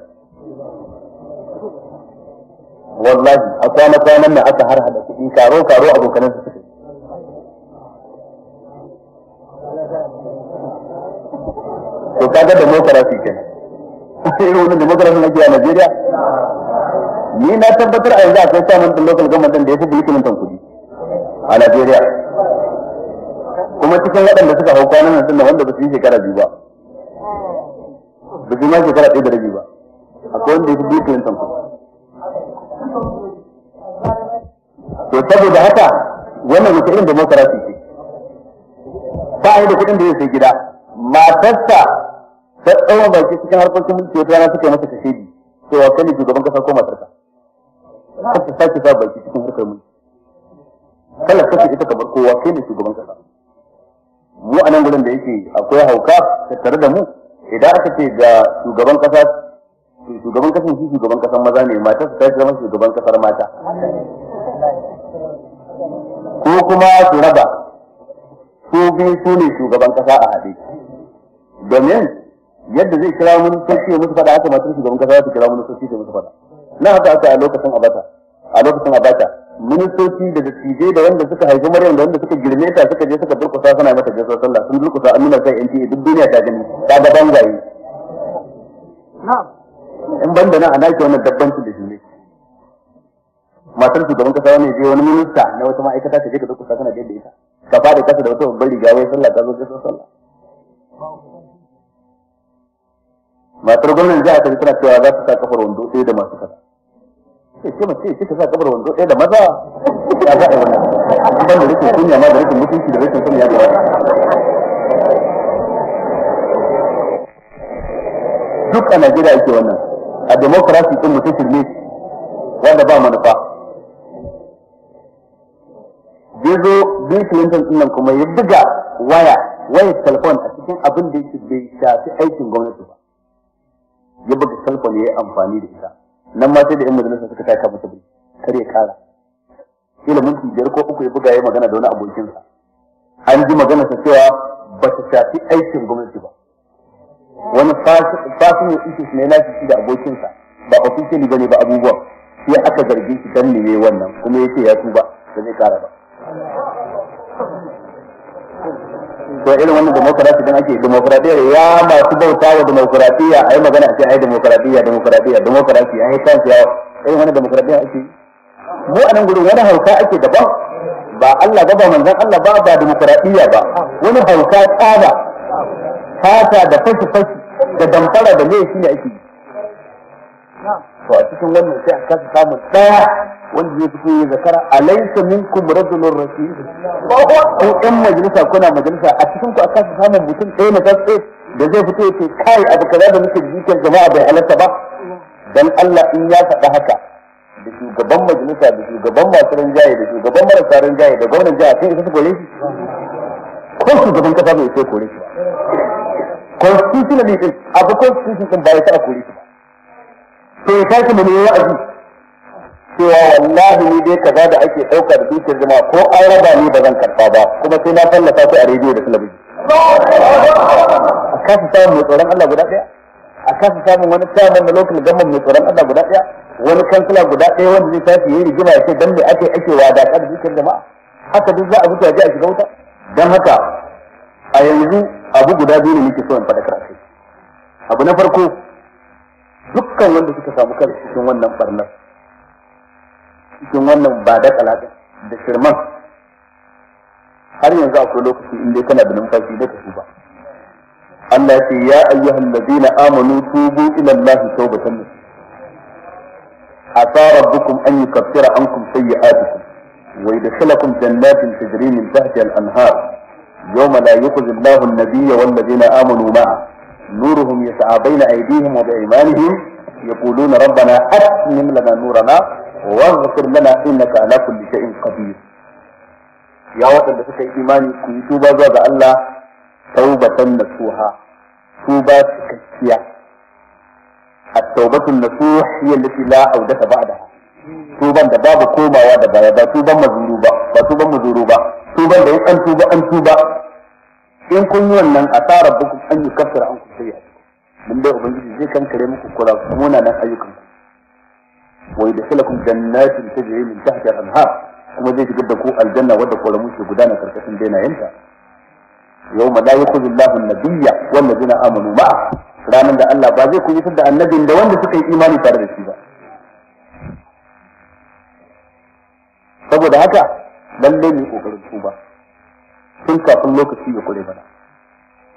wallahi a kwana kwanan nan aka har hada kuɗi karo karo abokanansa to kaga da makarasi kenan *laughs* irin wannan demokarasi na ake a Najeriya ni na tabbatar a yanzu akwai samun din local government da ya fi bulkin kudi a Najeriya kuma cikin waɗanda suka hau kwanan nan sunna wanda ba su yi shekara biyu ba ba su yi ma shekara ɗaya da rabi ba akwai wanda ya fi bill clinton ku to saboda haka wannan wata irin demokarasi ce ba a yi da kuɗin da ya sai gida matarsa ta tsawon baki cikin harkokin mulki wata rana suka yi masa kashedi cewa kai ne shugaban kasa ko matarka kar ta sake sa baki cikin harkar mulki kala kace ita kamar kowa kai ne shugaban kasa mu a nan gurin da yake akwai hauka tattare da mu idan aka ce ga shugaban kasa shugaban kasan shi shugaban kasan maza ne mata su tashi zama shugaban kasar mata ko kuma su raba su biyu su ne shugaban kasa a haɗe domin yadda zai kira mun sarki ya musu faɗa haka matar gaban kasa ta kira mun sarki ya musu faɗa na haka aka a lokacin abata a lokacin abata ministoci da dattijai da wanda suka haifi maryam da wanda suka girme ta suka je suka durkusa suna mata gaisuwar sallah sun durkusa an nuna kai NTA duk duniya ta gani ta ga bangaye in banda nan ana ke dabban su da shi matar shugaban kasa wani je wani minista na wata ma'aikata ta je ka durkusa kana da ita ka fada kasa da wata babbar riga wai sallah ta zo gaisuwar sallah matar gwamnan jiha ta tana cewa za ta sa kafar wando ɗaya da masu kasa sai ce mace ta sa kafar wando ɗaya da maza ya za a yi wannan ban da rikin kunya ma da rikin mutunci da rikin kunya da duk a Najeriya ake wannan a demokarasi ɗin mutum shirme wanda ba manufa Jizo bill clinton ɗin nan kuma ya buga waya wayar telefon a cikin abin da ya shafi aikin gwamnati ba ya buga salfa ne ya amfani da ita nan ma sai da yan majalisa suka taka masa bai kar ya kara kila minti biyar ko uku ya buga ya magana da wani abokinsa an ji magana sa cewa ba ta shafi aikin gwamnati ba wani fasin issues ne na shi da abokinsa ba ba ne ba abubuwan sai aka zargi shi dan ne wannan kuma ya ce ya tuba ba zai kara ba to irin wannan demokrasi dan ake demokradiya ya masu bauta wa demokradiya ai magana ce ai demokradiya demokradiya demokrasi ai kan ya irin wannan demokradiya ake mu a nan gurin wani hauka ake daban ba Allah ba ba manzon Allah ba ba demokradiya ba wani hauka tsada fata da fashi fashi da damfara da shi ne ake yi to a cikin wannan sai a kasa samun daya wanda zai fito ya zakara alaysa minkum rajulun rashid ko in majalisa kuna majalisa a cikin ku a kasa samun mutum ɗaya na tsatse da zai fito ya ce kai abu kaza da muke jikin jama'a bai halarta ba dan Allah in ya faɗa haka da shugaban majalisa da shugaban masu rinjaye da shugaban marasa rinjaye da gwamnan jiha sai isa su kore shi ko shugaban kasa bai sai kore shi ba constitutionally din abu constitution din ba ya taɓa kore shi ba to ya tashi mu ne wa'azi cewa wallahi ni dai kaza da ake daukar dukiyar jama'a ko an raba ni ba zan karba ba kuma sai na fallasa su a rediyo da talabijin a kasa samun mai tsoron Allah guda daya a kasa samun wani chairman na local government mai tsoron Allah guda daya wani kansila guda daya wanda zai tashi yayi rigima ya ce dan me ake ake wa da wadatar dukiyar jama'a haka duk za a mutu a je a shiga wuta dan haka a yanzu abu guda biyu ne nake so in faɗa karatu abu na farko dukkan wanda suka samu kansu cikin wannan barnar cikin wannan ba da kalaɗin da shirman har yanzu akwai lokaci in dai kana da numfashi da kasu ba Allah ya ce ya ayyuhal ladina amanu tubu ila Allah tawbatan nasuha عسى ربكم أن يكفر عنكم سيئاتكم ويدخلكم جنات تجري من تحتها الأنهار يوم لا يخزي الله النبي والذين آمنوا معه نورهم يسعى بين أيديهم وبأيمانهم يقولون ربنا أتمم لنا نورنا واغفر لنا إنك على كل شيء قدير يا وطن suka yi imani ku yi tuba zuwa ga Allah taubatan nasuha tuba cikakkiya at-taubatu an-nasuh hiya allati la awdata ba'daha tuban da babu komawa da baya ba tuban mazuru ba ba tuban mazuru ba tuban da in an tuba an tuba in kun yi wannan asarar buku an yi kafir an shirya mun dai ubangiji zai kankare muku kula muna nan ayyukan wa yadkhulukum jannatin tajri min tahtiha al-anhar kuma zai shigar da ku aljanna wadda koramu ke gudana karkashin benayenta yawma la yakhudhu Allahu an-nabiyya wal ladina amanu ma'a ranan da Allah ba zai kuyi da annabin da wanda suka yi imani tare da shi ba saboda haka lallai ne kokarin tuba tun kafin lokaci ya kure mana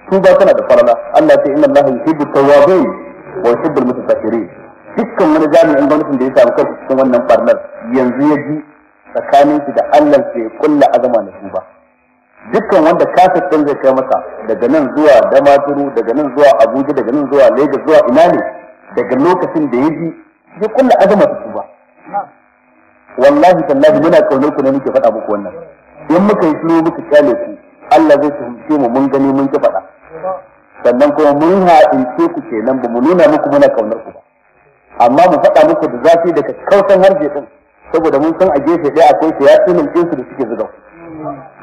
tuba tana da farala Allah ce inna Allah yuhibbu tawwabin wa yuhibbu al-mutatahhirin dukkan wani jami'in gwamnatin da ya samu kansa cikin wannan barnar yanzu ya ji tsakanin shi da Allah sai kulla azama na tuba dukkan wanda kasar din zai kai masa daga nan zuwa Damaturu daga nan zuwa Abuja daga nan zuwa Lagos zuwa ina ne daga lokacin da ya ji ya kulla azama su tuba wallahi tallahi muna kaunar ku ne muke faɗa muku wannan in muka yi shiru muka kyale ku Allah zai fahimce mu mun gani mun ki faɗa sannan kuma mun in ce ku kenan ba mu nuna muku muna kaunar ku ba amma mu faɗa muku da zafi daga kautan harje din saboda mun san a gefe ɗaya akwai su ya tsinin su da suke zuga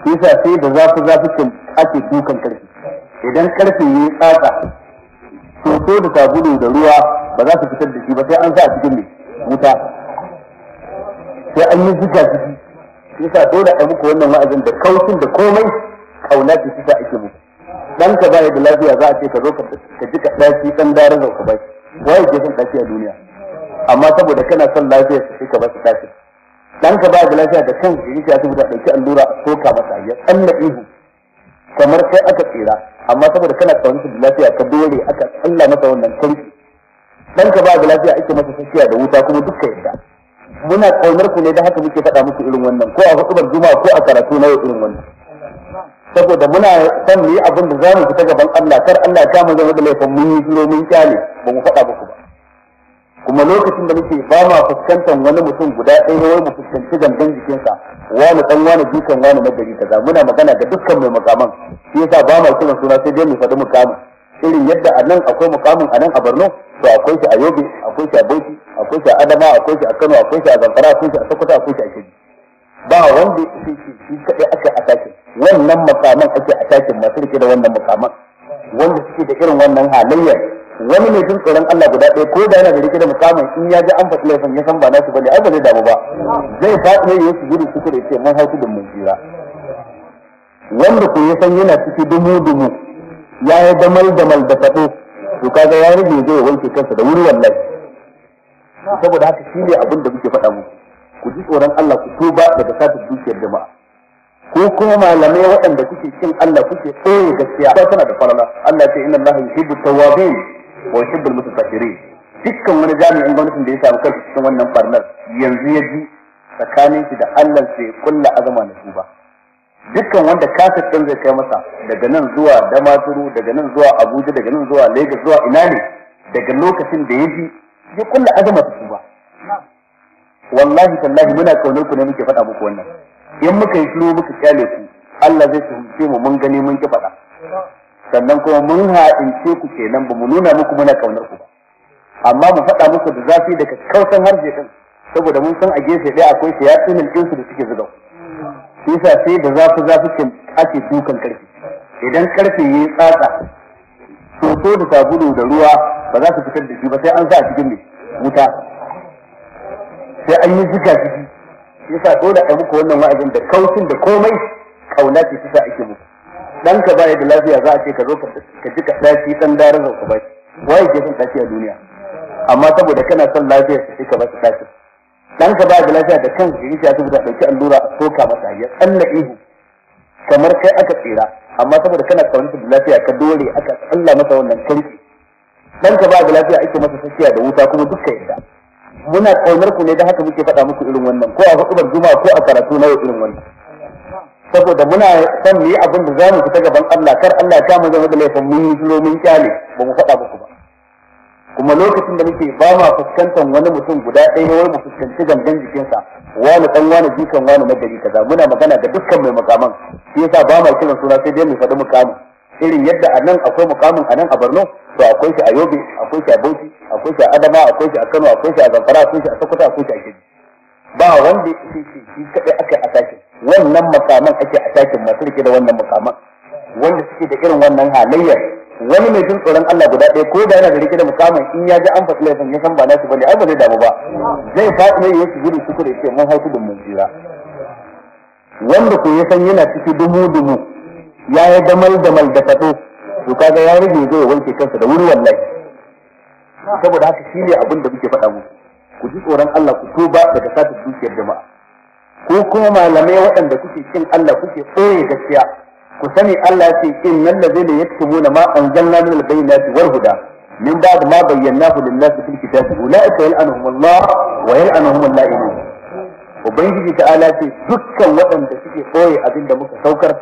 shi sa sai da zafi zafi kan ake dukan karfi idan karfi ya yi tsatsa soso da sabulu da ruwa ba za su fitar da shi ba sai an sa a cikin mai wuta sai an yi zuga ciki sa dole a muku wannan wa'azin da kausin da komai kauna ce ta ake musu dan ka baya da lafiya za a ce ka zo ka ji ka dace dan dare da ku bai waye ke son dace a duniya amma saboda kana son lafiya sai ka ba su dace dan ka baya da lafiya da kan shi ka tafi a dauki allura a soka masa ya tsanna ihu kamar kai aka tsira amma saboda kana kaunta da lafiya ka dore aka tsalla masa wannan kanki dan ka baya da lafiya ake masa sakiya da wuta kuma duka yadda muna kaunar ku ne da haka muke faɗa muku irin wannan ko a hudubar juma'a ko a karatu na irin wannan saboda muna son mu yi abin da za mu fita gaban Allah kar Allah ya kama zama da laifin mun yi zuro mun kyale ba mu faɗa muku ba kuma lokacin da muke ba ma fuskantar wani mutum guda ɗaya wai mu fuskanci gangan jikinsa wani ɗan wani dukan wani gari kaza muna magana da dukkan mai makaman shi yasa ba ma kiran suna sai dai mu faɗi mukamin irin yadda a nan akwai mukamin a nan a Borno to akwai shi a Yobe akwai shi a Bauchi akwai shi a Adama akwai shi a Kano akwai shi a Zamfara akwai shi a Sokoto akwai shi a Kebbi ba wanda ya ishe shi shi kadai ake a takin wannan makaman ake a takin masu rike da wannan makaman wanda suke da irin wannan halayya wani mai jin tsoron Allah guda ɗaya ko da yana da rike da makaman in ya ji an faɗi laifin ya san ba nasu bane ai ba zai damu ba zai faɗi ne ya shigo da suka da ce mun hauku da mun jira wanda ko ya san yana ciki dumu dumu ya yi damal damal da faɗo to kaga ya rage zai wanke kansa da wuri wallahi saboda haka shi ne abin da muke faɗa muku ku ji tsoron Allah ku tuba daga satar dukiyar jama'a ko kuma malamai waɗanda kuke cin Allah kuke tsaye gaskiya ba tana da falala Allah ce inna Allah yuhibbu tawwabin wa yuhibbul mutatahhirin dukkan wani jami'in gwamnatin da ya samu kansa cikin wannan farnar yanzu ya ji tsakanin shi da Allah sai kulla azama na tuba dukkan wanda kasar ɗin zai kai masa daga nan zuwa Damaturu daga nan zuwa Abuja daga nan zuwa Lagos zuwa ina ne daga lokacin da ya ji ya kulla azama ta tuba wallahi tallahi muna kaunar ku ne muke faɗa muku wannan in muka yi shiru muka kyale ku Allah zai tuhumce mu mun gani mun ki faɗa sannan kuma mun ha'ince ku kenan ba mu nuna muku muna kaunar ku ba amma mu faɗa muku da zafi daga kausan harshe din saboda mun san a gefe ɗaya akwai shayatunan kinsu da suke zuga shi yasa sai da zafi zafi ke ake dukan karfi idan karfe yayi tsatsa soso da sabulu da ruwa ba za su fitar da shi ba sai an sa a cikin mai wuta sai an yi zuga jiki yasa dole a muku wannan wa'azin da kaucin da komai kauna ce sa ake muku dan ka bai da lafiya za a ce ka zo ka ji ka dace dan daren ka bai waye ke san dace a duniya amma saboda kana son lafiya sai ka ba dace dan ka bai da lafiya da kanka yake ya tabbata dauki allura a soka masa ya tsalla ihu kamar kai aka tsira amma saboda kana kaunta da lafiya ka dole aka tsalla masa wannan kanki dan ka bai da lafiya ake masa sakiya da wuta kuma duka yadda muna kaunar ku ne da haka muke faɗa muku irin wannan ko a hudubar juma'a ko a karatu na irin wannan saboda muna son mu yi abin da zamu fita gaban Allah kar Allah ya kama zama da laifin mun yi zulo mun kyale ba mu faɗa muku ba kuma lokacin da muke ba ma fuskantar wani mutum guda ɗaya wai mu fuskanci gangan jikinsa wani dan wani jikan wani na gari kaza muna magana ga dukkan mai makaman shi yasa ba ma kiran suna sai dai mu faɗi mukamin irin yadda a nan akwai mukamin a nan a Borno to akwai shi a Yobe akwai shi a Bauchi akwai shi a Adama akwai shi a Kano akwai shi a Zamfara akwai shi a Sokoto akwai shi a Kebbi ba wanda shi shi shi kadai aka a takin wannan mukamin ake a takin masu rike da wannan mukamin, wanda suke da irin wannan halayya wani mai jin tsoron Allah guda ɗaya ko da yana da rike da mukamin in ya ji an faɗi laifin ya san ba nasu bane ai ba zai damu ba zai faɗi ne ya shi gudu suku da ce mun hausu da mun jira wanda ko ya san yana ciki dumu dumu ya yi damal damal da fato to kaga ya rage zai wanke kansa da wuri wallahi saboda haka shi ne abin da muke faɗa muku ku ji tsoron Allah ku tuba daga sata dukiyar jama'a ko kuma malamai waɗanda kuke kin Allah kuke ɓoye gaskiya ku sani Allah ce innal ladzina yaktumuna ma anzalna min al-bayyinati wal huda min ba'd ma bayyanahu lin-nasi fil kitabi ulaika yal'anuhum Allah wa yal'anuhum al-la'inun ubangiji ta'ala ce dukkan waɗanda suke ɓoye abin da muka saukar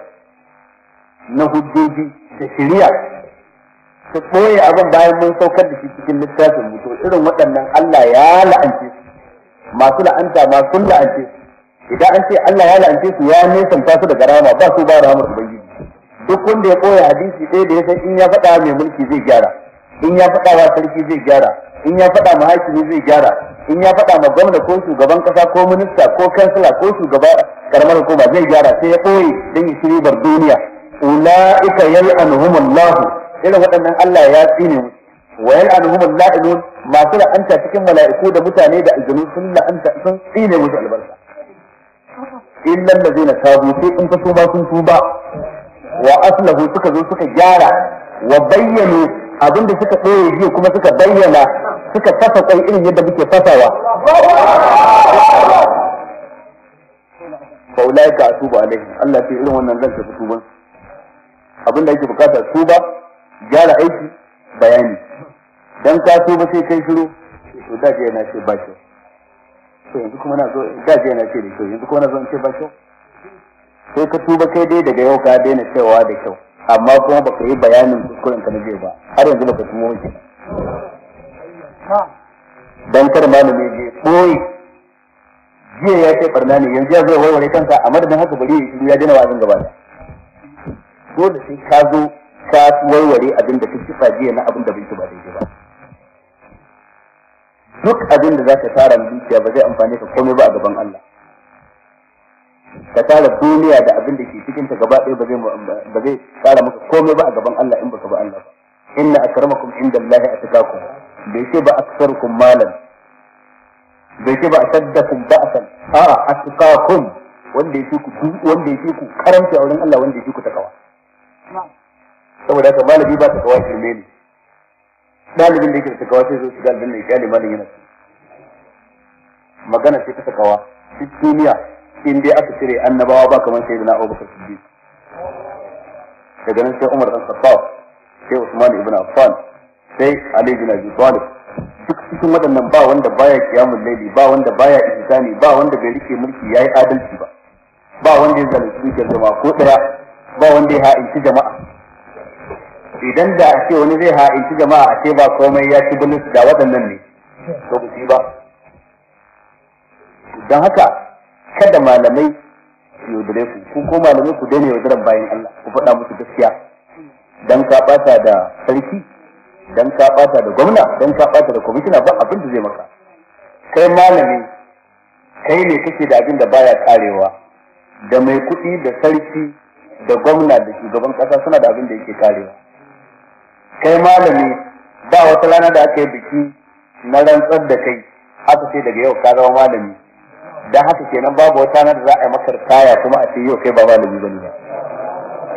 na hujjoji da shirya su ɓoye abin bayan mun saukar da shi cikin littafin mutu irin waɗannan Allah ya la'ance masu la'anta masu la'ance idan an ce Allah ya la'ance su ya nesa su daga rama ba su ba ramar ubangiji duk wanda ya ɓoye hadisi ɗaya da ya san in ya faɗa mai mulki zai gyara in ya faɗa wa sarki zai gyara in ya faɗa ma hakimi zai gyara in ya faɗa ma gwamna ko shugaban kasa ko minista ko kansila ko shugaba karamar hukuma zai gyara sai ya ɓoye don ya shiri bar duniya ulaika yal'anuhum Allah irin waɗannan Allah ya tsine musu wa yal'anuhum la'inun masu la'anta cikin mala'iku da mutane da aljanu sun la'anta sun tsine musu albarka illa allazina tabu sai in fa su ba wa aslahu suka zo suka gyara wa bayyanu abinda suka ɗoye jiya kuma suka bayyana suka fasa kwai irin yadda muke fasawa fa ulaika Allah irin wannan zan tafi tuban abin da ake bukata su ba gyara aiki bayani dan ka ba sai kai shiru to da je yana ce ba shi to yanzu kuma na zo da je yana ce da kyau yanzu kuma na zo in ce ba shi sai ka tuba kai dai daga yau ka daina cewa da kyau amma kuma baka yi bayanin kuskuren ka na je ba har yanzu baka tumo ke dan kar malami je boye jiya ya ce barna ne yanzu ya zo warware kansa a madadin haka bari ya dina wa'azin gaba da dole sai ka zo ka warware abin da kake fa jiya na abin da bai ba daidai ba duk abin da zaka tara zuciya ba zai amfane ka komai ba a gaban Allah ka tara duniya da abin da ke cikin ta gaba ɗaya ba zai ba zai tara maka komai ba a gaban Allah in baka ba Allah ba inna akramakum indallahi atqakum bai ce ba aktsarukum malan bai ce ba ashaddakum ba'san a'a atqakum wanda ya fi ku wanda ya fi ku karanta a wurin Allah wanda ya fi ku takawa saboda haka malami ba ta kawo shirme ne dalibin da yake da takawa sai zo shiga aljanna ya kyale malin yana magana sai ta takawa duk duniya in dai aka cire annabawa ba kamar sai na Abu Bakar Siddiq daga nan sai Umar dan Khattab sai Usman ibn Affan sai Ali bin Abi Talib duk cikin waɗannan ba wanda baya kiyamul laili ba wanda baya ihsani ba wanda bai rike mulki yayi adalci ba ba wanda ya zalunci jama'a ko daya ba wanda ya ha'inci jama'a idan da a ce wani zai ha'inci jama'a a ce ba komai ya ci bulus da waɗannan ne to ba ba don haka kada malamai su yaudare ku ku ko malamai ku daina yaudaran bayan Allah ku faɗa musu gaskiya dan ka ɓata da sarki dan ka ɓata da gwamna dan ka ɓata da kwamishina ba abin da zai maka kai malami kai ne kake da abin da baya karewa da mai kuɗi da sarki da gwamna da shugaban kasa suna da abin da yake karewa kai malami ba wata rana da aka yi biki na rantsar da kai haka sai daga yau ka zama malami da haka kenan babu wata rana da za a yi maka kaya kuma a ce yau kai ba malami bane ba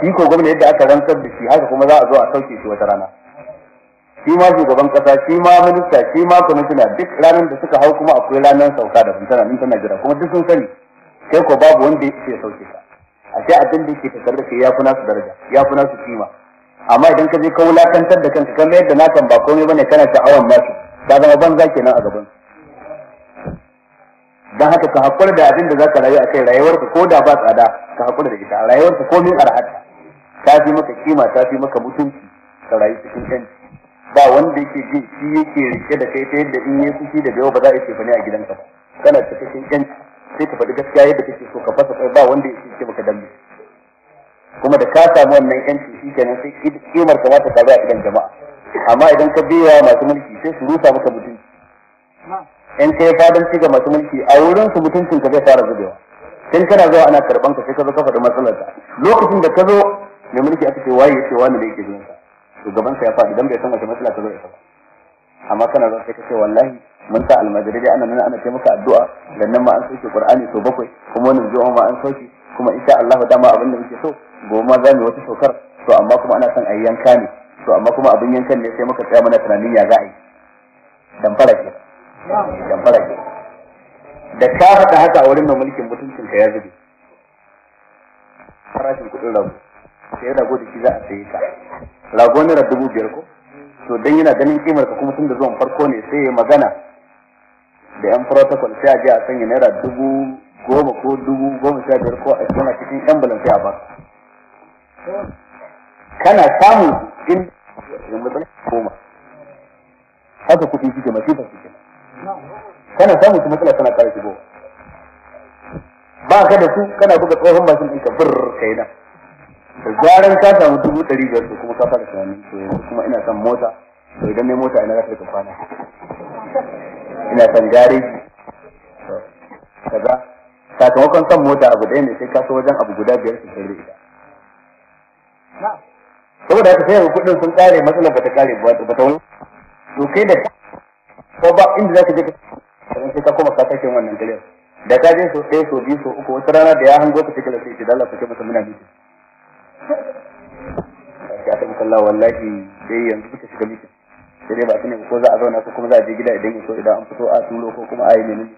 shi ko gwamna yadda aka rantsar da shi haka kuma za a zo a sauke shi wata rana shi ma shugaban kasa shi ma minista shi ma kwamishina duk ranar da suka hau kuma akwai ranar sauka da tana in tana jira kuma duk sun sani sai ko babu wanda ya sauke ka a sai abin da yake tattare da ya kuna su daraja ya kuna su kima amma idan ka je ka wulakantar da kanka kamar yadda nakan ba komai bane kana sha'awan masu ka zama banza kenan a gaban dan haka ka hakura da abin da ka rayu a kai rayuwarka ko da ba tsada ka hakura da ita a rayuwarka komai arhata ta fi maka kima ta fi maka mutunci ka rayu cikin kan ba wanda yake ji shi yake rike da kai ta yadda in yi fushi da yau ba za a ce bane a gidanka ba kana cikin kanci sai ka faɗi gaskiya yadda kake so ka fasa kai ba wanda ya ce baka dambe kuma da ka samu wannan yanci shi kenan sai kimar ka ta karu a idan jama'a amma idan ka biya masu mulki sai su rusa maka mutunci in kai fadan ci ga masu mulki a wurin su mutuncin ka zai fara zubewa tun kana zuwa ana karban ka sai ka zo ka faɗi matsalar ka lokacin da ka zo mai mulki aka ce waye yace wani da yake jinsa to shugaban sa ya faɗi dan bai san wace matsala ka zo ya ba amma kana zuwa sai ka ce wallahi mun sa almajirai dai ana nan ana kai maka addu'a dan nan ma an soke qur'ani to bakwai kuma wannan zuwa ma an soke kuma insha Allah dama abin da muke so gobe ma za mu wata saukar to amma kuma ana son ayyan yanka ne to amma kuma abin yankan ne sai muka tsaya mana tunanin ya za a yi dan fara ke dan fara ke da ka hada haka a wurin mai mulkin mutuncin ka ya zube farashin kuɗin rabu sai rago da shi za a sayi ka rago naira dubu biyar ko to dan yana ganin kimar ka kuma tun da zuwan farko ne sai ya magana da yan protocol sai a je a sanya naira dubu goma ko dubu goma sha biyar ko a tona cikin ambulance sai a ba kana samu in yanzu koma haka kuɗi kike masifar kike kana samu su matsala kana kare shigo ba ka da su kana buga tsohon mashin ɗin ka bir kai nan da zaran ka samu dubu ɗari biyar su kuma ka fara tunanin to kuma ina son mota to idan ne mota ina za ta kwana ina son gareji kaza sakamakon son mota abu ɗaya ne sai ka so wajen abu guda biyar su sai ita saboda haka sai kuɗin sun ƙare matsalar bata ƙare ba ta wani to kai da ko ba inda zaka je ka sai ka koma ka sake wannan dalilin da ka je so ɗaya so biyu so uku wata rana da ya hango ka cikin sai ce da Allah ka ce masa muna miki ka ta kalla wallahi sai yanzu ka shiga mutum sai dai ba su ne ko za a zauna ko kuma za a je gida idan so idan an fito a tulo ko kuma a yi ne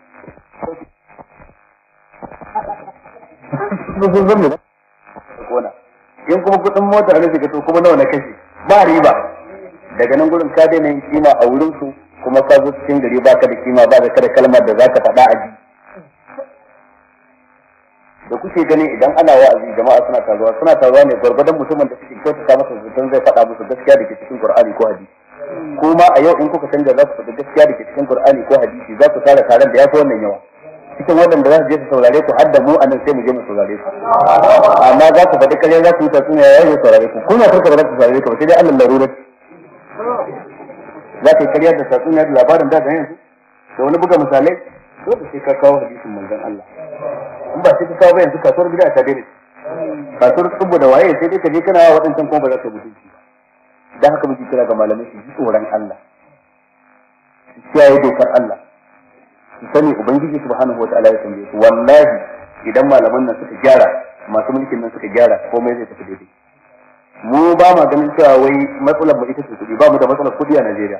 in kuma kudin motar ne shiga to kuma nawa na kashe ba riba daga nan gurin ka daina yin kima a wurin su kuma ka zo cikin gari ba ka da kima ba da kada kalmar da za ka faɗa a ji da kuke gani idan ana wa'azi jama'a suna taruwa suna taruwa ne gwargwadon mutumin da suke kyautata masa zaton zai faɗa musu gaskiya da ke cikin qur'ani ko hadisi kuma a yau in kuka canja za ku faɗi gaskiya da ke cikin Qur'ani ko hadisi za ku tara taron da ya fi wannan yawa cikin waɗanda za su je su saurare ku har da mu a nan sai mu je mu saurare ku amma za ku faɗi kare za su yi suna ya yi saurare ku kuma kuka ba za ku saurare ku ba sai dai Allah larura za ka yi karyar da tatsuniya da labarin da da yanzu da wani buga misalai dole sai ka kawo hadisin manzon Allah in ba sai ka kawo ba yanzu kasuwar gida ta ne. kasuwar tsubu da waye sai dai ka je kana waɗancan kuma ba za ka mutunci da haka muke kira ga malamai su ji tsoron Allah su kiyaye dokar Allah su sani ubangiji subhanahu wataala ya tambaye su wallahi idan malaman nan suka gyara masu mulkin nan suka gyara komai zai tafi daidai mu ba ma ganin cewa wai matsalar mu ita ce kuɗi ba mu da matsalar kuɗi a Najeriya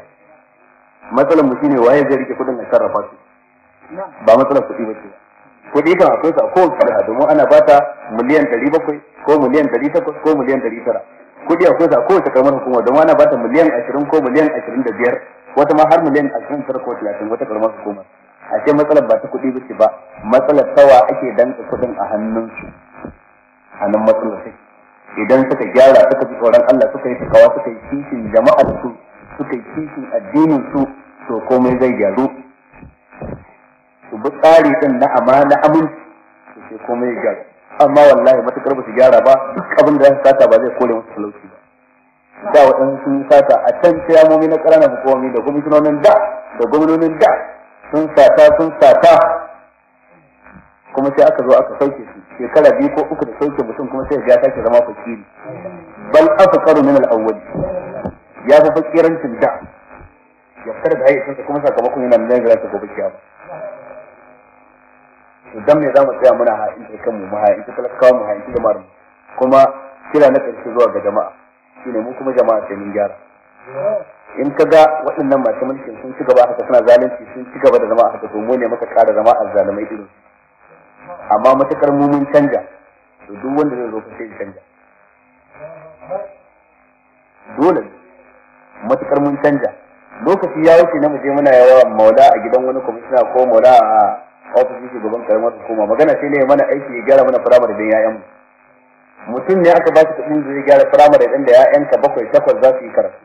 matsalar mu shine waye zai rike kuɗin a sarrafa su ba matsalar kuɗi ba ce kuɗi kan akwai sa kowace jiha domin ana bata miliyan ɗari bakwai ko miliyan ɗari takwas ko miliyan ɗari tara kuɗi a kusa a kowace karamar hukuma don wani ba ta miliyan ashirin ko miliyan ashirin da biyar wata ma har miliyan ashirin tara ko talatin wata karamar hukumar a ce matsalar ba ta kuɗi ba ce ba matsalar tawa ake danka kuɗin a hannunsu a nan matsalar sai idan suka gyara suka ji tsoron Allah suka yi takawa suka yi kishin jama'ar su suka yi kishin addinin su to komai zai gyaru su bi tsari din na amana aminci su ce komai ya gyaru amma wallahi matukar ba su gyara ba duk abin da za sata ba zai kore musu talauci ba da waɗansu sun sata a can momi na ƙarana hukumomi da gwamnatonin da da gwamnonin da sun sata sun sata kuma sai aka zo aka sauke su shekara biyu ko uku da sauke mutum kuma sai ya sake zama fakiri bal afqaru min al-awwal ya fi fakirancin da ya fitar da hayyacinsa kuma sakamakon yana nan da za ta gobe kiyama idan me za mu tsaya muna ha'inci kanmu mu ta talakawa mu ta jama'ar mu kuma kira na ƙarshe zuwa ga jama'a shine mu kuma jama'a sai mun gyara in ka ga waɗannan masu mulkin sun ci gaba haka suna zalunci sun ci gaba da zama haka to mu ne muka ƙara zama a zalimai irin amma matakar mu mun canja to duk wanda zai zo ka sai canja dole matakar mun canja lokaci ya wuce na mu je muna yawa maula a gidan wani kwamishina ko maula a ofishin shugaban karamar hukuma magana sai ne mana aiki ya gyara mana firamare don ya'yan mutum ne aka ba shi kuɗin zai gyara firamare ɗin da ya'yanka bakwai takwas za su yi karatu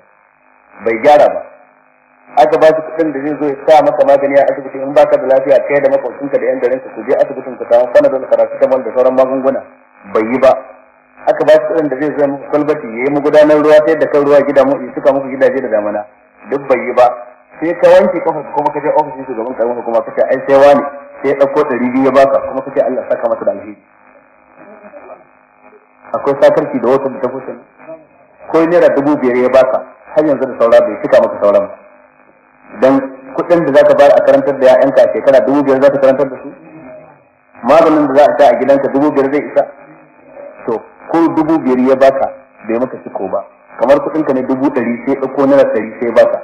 bai gyara ba aka ba shi kuɗin da zai zo ya sa masa magani a asibiti in baka da lafiya kai da makwabcinka da yan ka ku je asibitin ku samu karatu ta da sauran magunguna bai yi ba aka ba shi kuɗin da zai zai muku kwalbati ya yi mu gudanar ruwa ta yadda kan ruwa gida mu in suka muku gidaje da damana duk bai yi ba sai ka wanke kafa kuma ka je ofishin shugaban karamar hukuma ce ai sai wani sai ya ɗauko ɗari biyu ya baka kuma kake Allah saka masa da alheri akwai sakarci da wata da ta fusa ko naira dubu biyar ya baka har yanzu da saura bai cika maka sauran ba dan kuɗin da zaka bayar a karantar da ƴaƴanka a shekara dubu biyar zaka karantar da su maganin da za a ta a gidanka dubu biyar zai isa to ko dubu biyar ya baka bai maka ciko ba kamar kuɗinka ne dubu ɗari sai ɗauko naira ɗari sai baka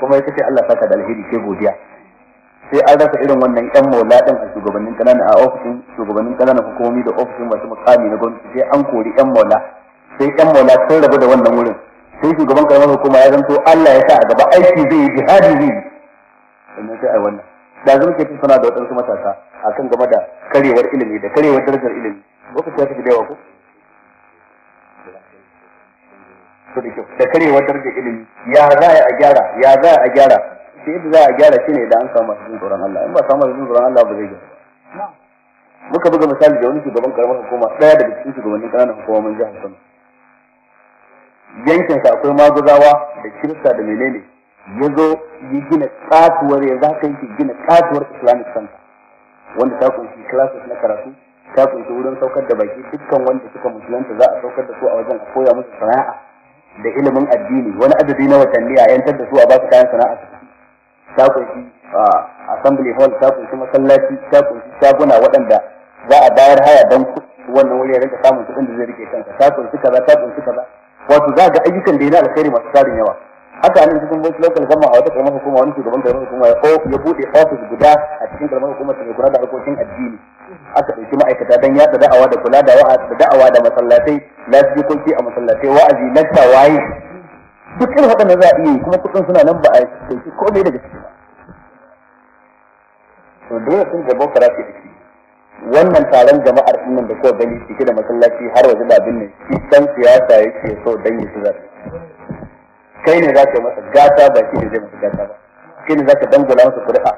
kuma ya kace Allah saka da alheri sai godiya sai an rasa irin wannan yan maula din a shugabannin kanana a ofishin shugabannin kanana hukumomi da ofishin masu mukami na gwamnati sai an kori yan maula sai yan maula sun rabu da wannan wurin sai shugaban karamar hukuma ya zanto Allah ya sa a gaba aiki zai yi jihadi zai yi sannan sai a wannan da zan ke suna da waɗansu matasa kan game da karewar ilimi da karewar darajar ilimi lokaci ya fi da yawa ko da karewar darajar ilimi ya za a gyara ya za a gyara sai yadda za a gyara shi ne da an samu masu jin tsoron Allah in ba samu masu jin tsoron Allah ba zai gyara muka buga misali da wani shugaban karamar hukuma daya daga cikin shugabannin ƙananan mun jihar Kano yankin sa akwai magudawa da kirista da menene ya zo yi gina tsatuwar ya ka yi gina tsatuwar islamic center wanda ta kunshi classes na karatu ta kunshi wurin saukar da baki dukkan wanda suka musulunta za a saukar da su a wajen a koya musu sana'a da ilimin addini wani adadi na watanni a yantar da su a ba kayan sana'a ta kunshi assembly hall ta kunshi masallaci ta kunshi shaguna waɗanda za a bayar haya don wannan wuri ya rika samun kuɗin da zai rike kansa ta kunshi kaza ta kunshi kaza wato za ga ayyukan da yana alkhairi masu tarin yawa haka nan cikin wasu local zama a wata karamar hukuma wani shugaban karamar hukuma ya ya bude office guda a cikin karamar hukumar ta kula da harkokin addini aka ɗauki ma'aikata don yaɗa da'awa da kula da da'awa da masallatai lafiyokoki a masallatai wa'azi na waye duk irin waɗannan za a iya yi kuma kuɗin suna nan ba a ɗauki komai daga ciki ba to dole sun gaba fara ke ciki. wannan taron jama'ar nan da kowa gani cike da masallaci har waje da abin nan shi ɗan siyasa yake so dan yi su zaɓe kai ne za ka yi masa gata ba shi ne zai masa gata ba kai ne za ka dangula masa kuri'a ka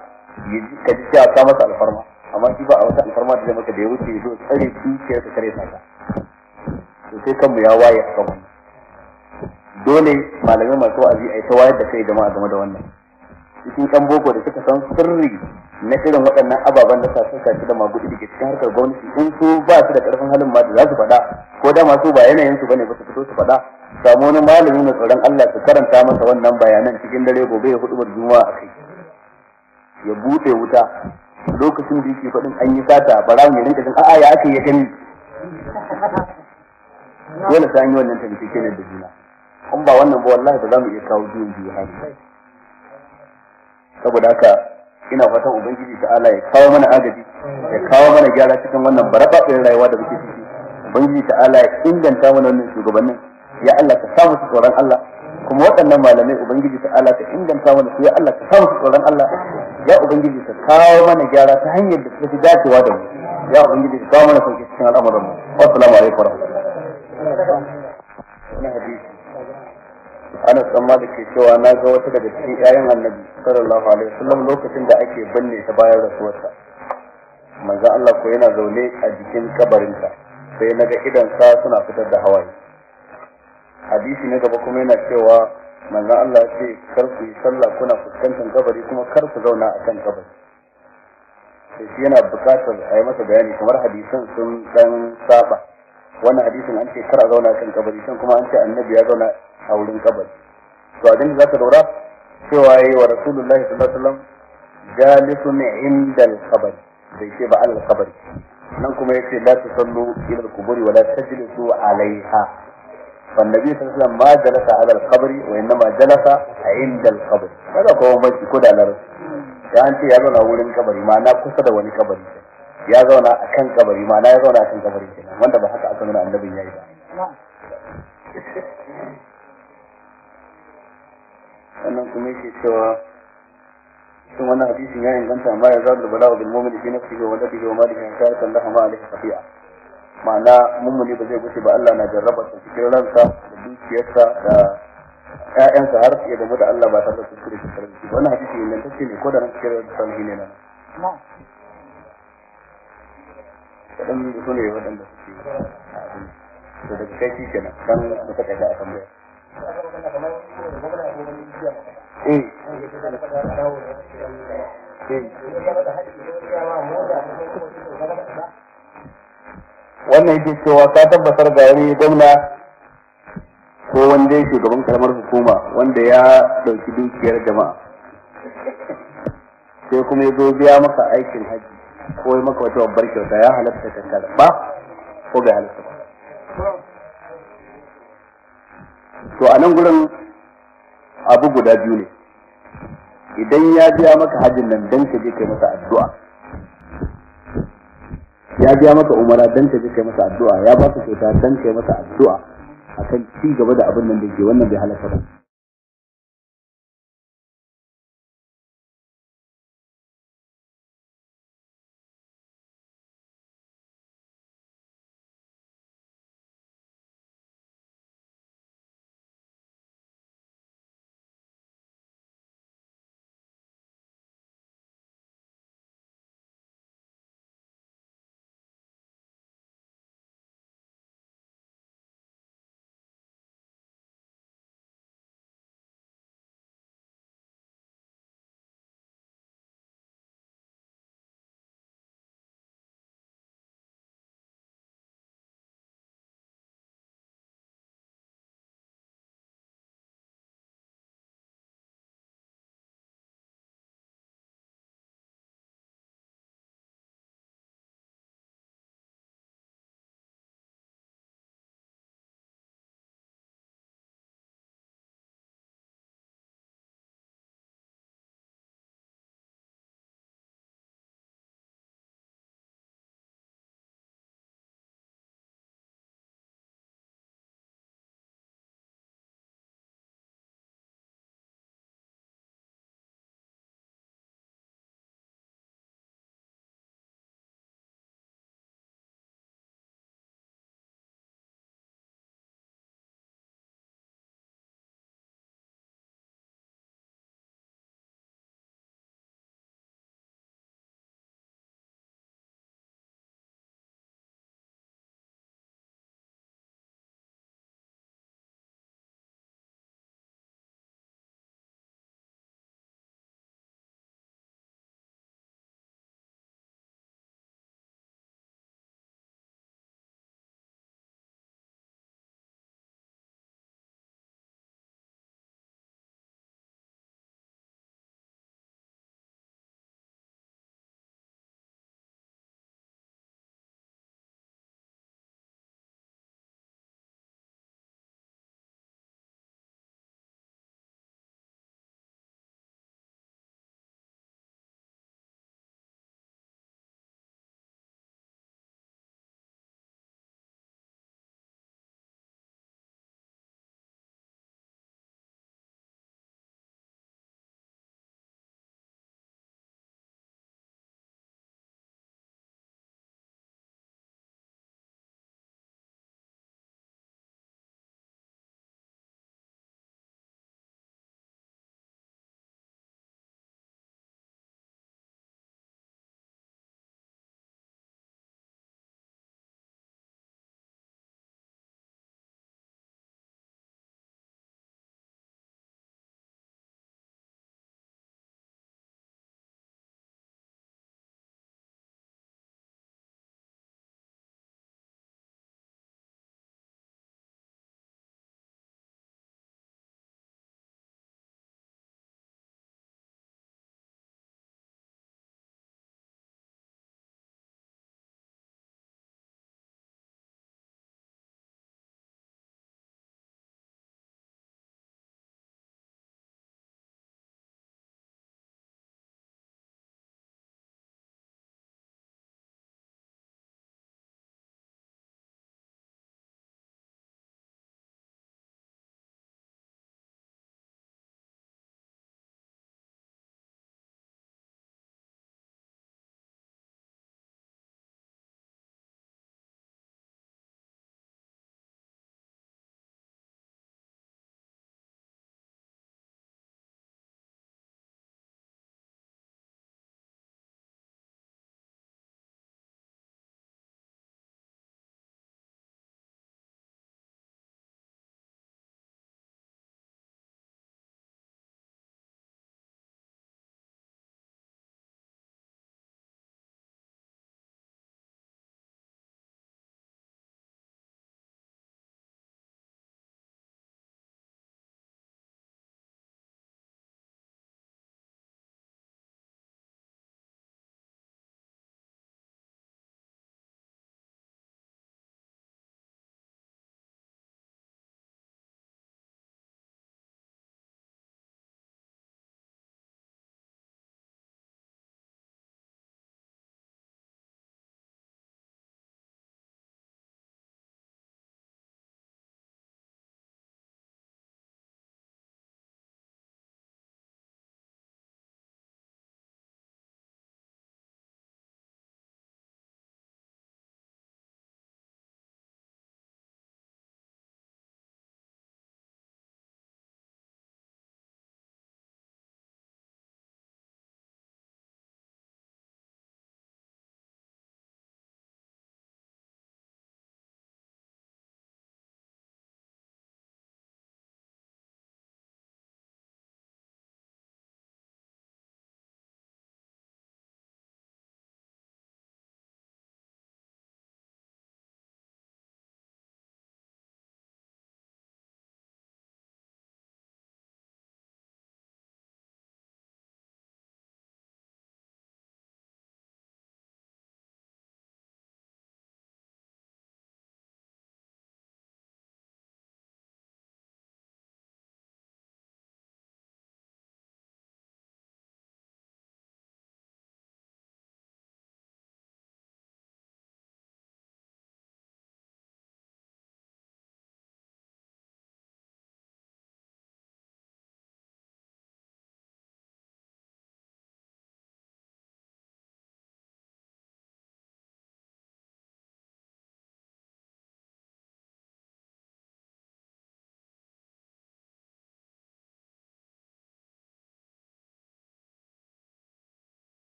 ji cewa ka masa alfarma amma shi ba a wata alfarma da zai maka da ya wuce ya zo tsare shi ke kare sa ka to sai kanmu ya waye a kan wannan dole malamai masu wa'azi a ta wayar da kai jama'a game da wannan cikin ɗan boko da suka san sirri na irin waɗannan ababen da sa shi da magudi da ke cikin harkar gwamnati in su ba su da ƙarfin halin ma da za su faɗa ko da masu ba yanayin su bane ba su fito su faɗa samu wani malami mai tsoron Allah su karanta masa wannan bayanan cikin dare gobe ya hudu juma'a a kai ya buɗe wuta lokacin da yake faɗin an yi sata bara ya rinka jin a'a ya ake ya gani dole sa an yi wannan tafi kenan da juna in ba wannan ba wallahi ba za mu iya kawo biyun biyu hali saboda haka ina fatan ubangiji ta ala ya kawo mana agaji ya kawo mana gyara cikin wannan barabaɗin rayuwa da muke ciki ubangiji ta ala ya inganta mana wannan shugabannin ya Allah ka samu su tsoron Allah kuma waɗannan malamai ubangiji ta ala ka inganta mana su ya Allah ka samu su tsoron Allah ya ubangiji ka kawo mana gyara ta hanyar da ta fi dacewa da mu ya ubangiji ka kawo mana sauki cikin al'amuran mu assalamu alaikum warahmatullahi Ana dan Malik ke cewa na ga wata daga cikin ƴaƴan Annabi sallallahu alaihi wasallam lokacin da ake binne ta bayan rasuwarsa manzo Allah ko yana zaune a jikin kabarinta sai na ga idan sa suna fitar da hawaye hadisi na gaba kuma yana cewa manzo Allah ce kar ku yi sallah kuna fuskantar kabari kuma kar ku zauna akan kabari sai yana bukatar a yi masa bayani kamar hadisan sun dan saba wannan hadisin an ce kar a zauna kan kabari can kuma an ce annabi ya zauna a wurin kabari to abin da zaka lura cewa yayi wa rasulullahi sallallahu alaihi wasallam jalisun inda al-qabr bai ce ba al-qabr nan kuma yace la tusallu ila al-qubur wa la tajlisu alaiha fa annabi sallallahu alaihi wasallam ma jalasa ala al-qabr wa innama jalasa inda al-qabr kada ko mai ko da lar ya an ce ya zauna wurin kabari ma na kusa da wani kabari ya zauna a kan kabari ma na ya zauna a kan kabari kenan wanda ba haka aka nuna annabin yayi ba wannan kuma yake cewa shin wannan hadisin ya inganta ma ya zalu bala'u bil mu'mini fi nafsihi wa nafsihi wa malihi ka ta Allah ma alaihi safiya ma'ana mummuni ba zai gushe ba Allah na jarraba su cikin ransa da dukiyarsa da ƴaƴansa har ya gamu da Allah ba tare da kuskure shi wannan ta ce ne ko da nan cikin sahihi ne nan waɗanda su ne waɗanda su ke a abin da daga kai shi kenan da kaita a eh. Wannan yake cewa ka tabbatar ga wani gwamna ko wanda ya shugaban karamar hukuma wanda ya ɗauki dukiyar jama'a sai kuma ya zo biya maka aikin hajji ko yi maka wata babbar kyauta ya halatta ka ba ko bai halatta ba to a nan gurin abu guda biyu ne idan ya biya maka hajjin nan dan ka je kai masa addu'a ya biya maka umara dan ka je kai masa addu'a ya ba ka kyauta dan kai masa addu'a akan ci gaba da abin nan da ke wannan bai halatta ba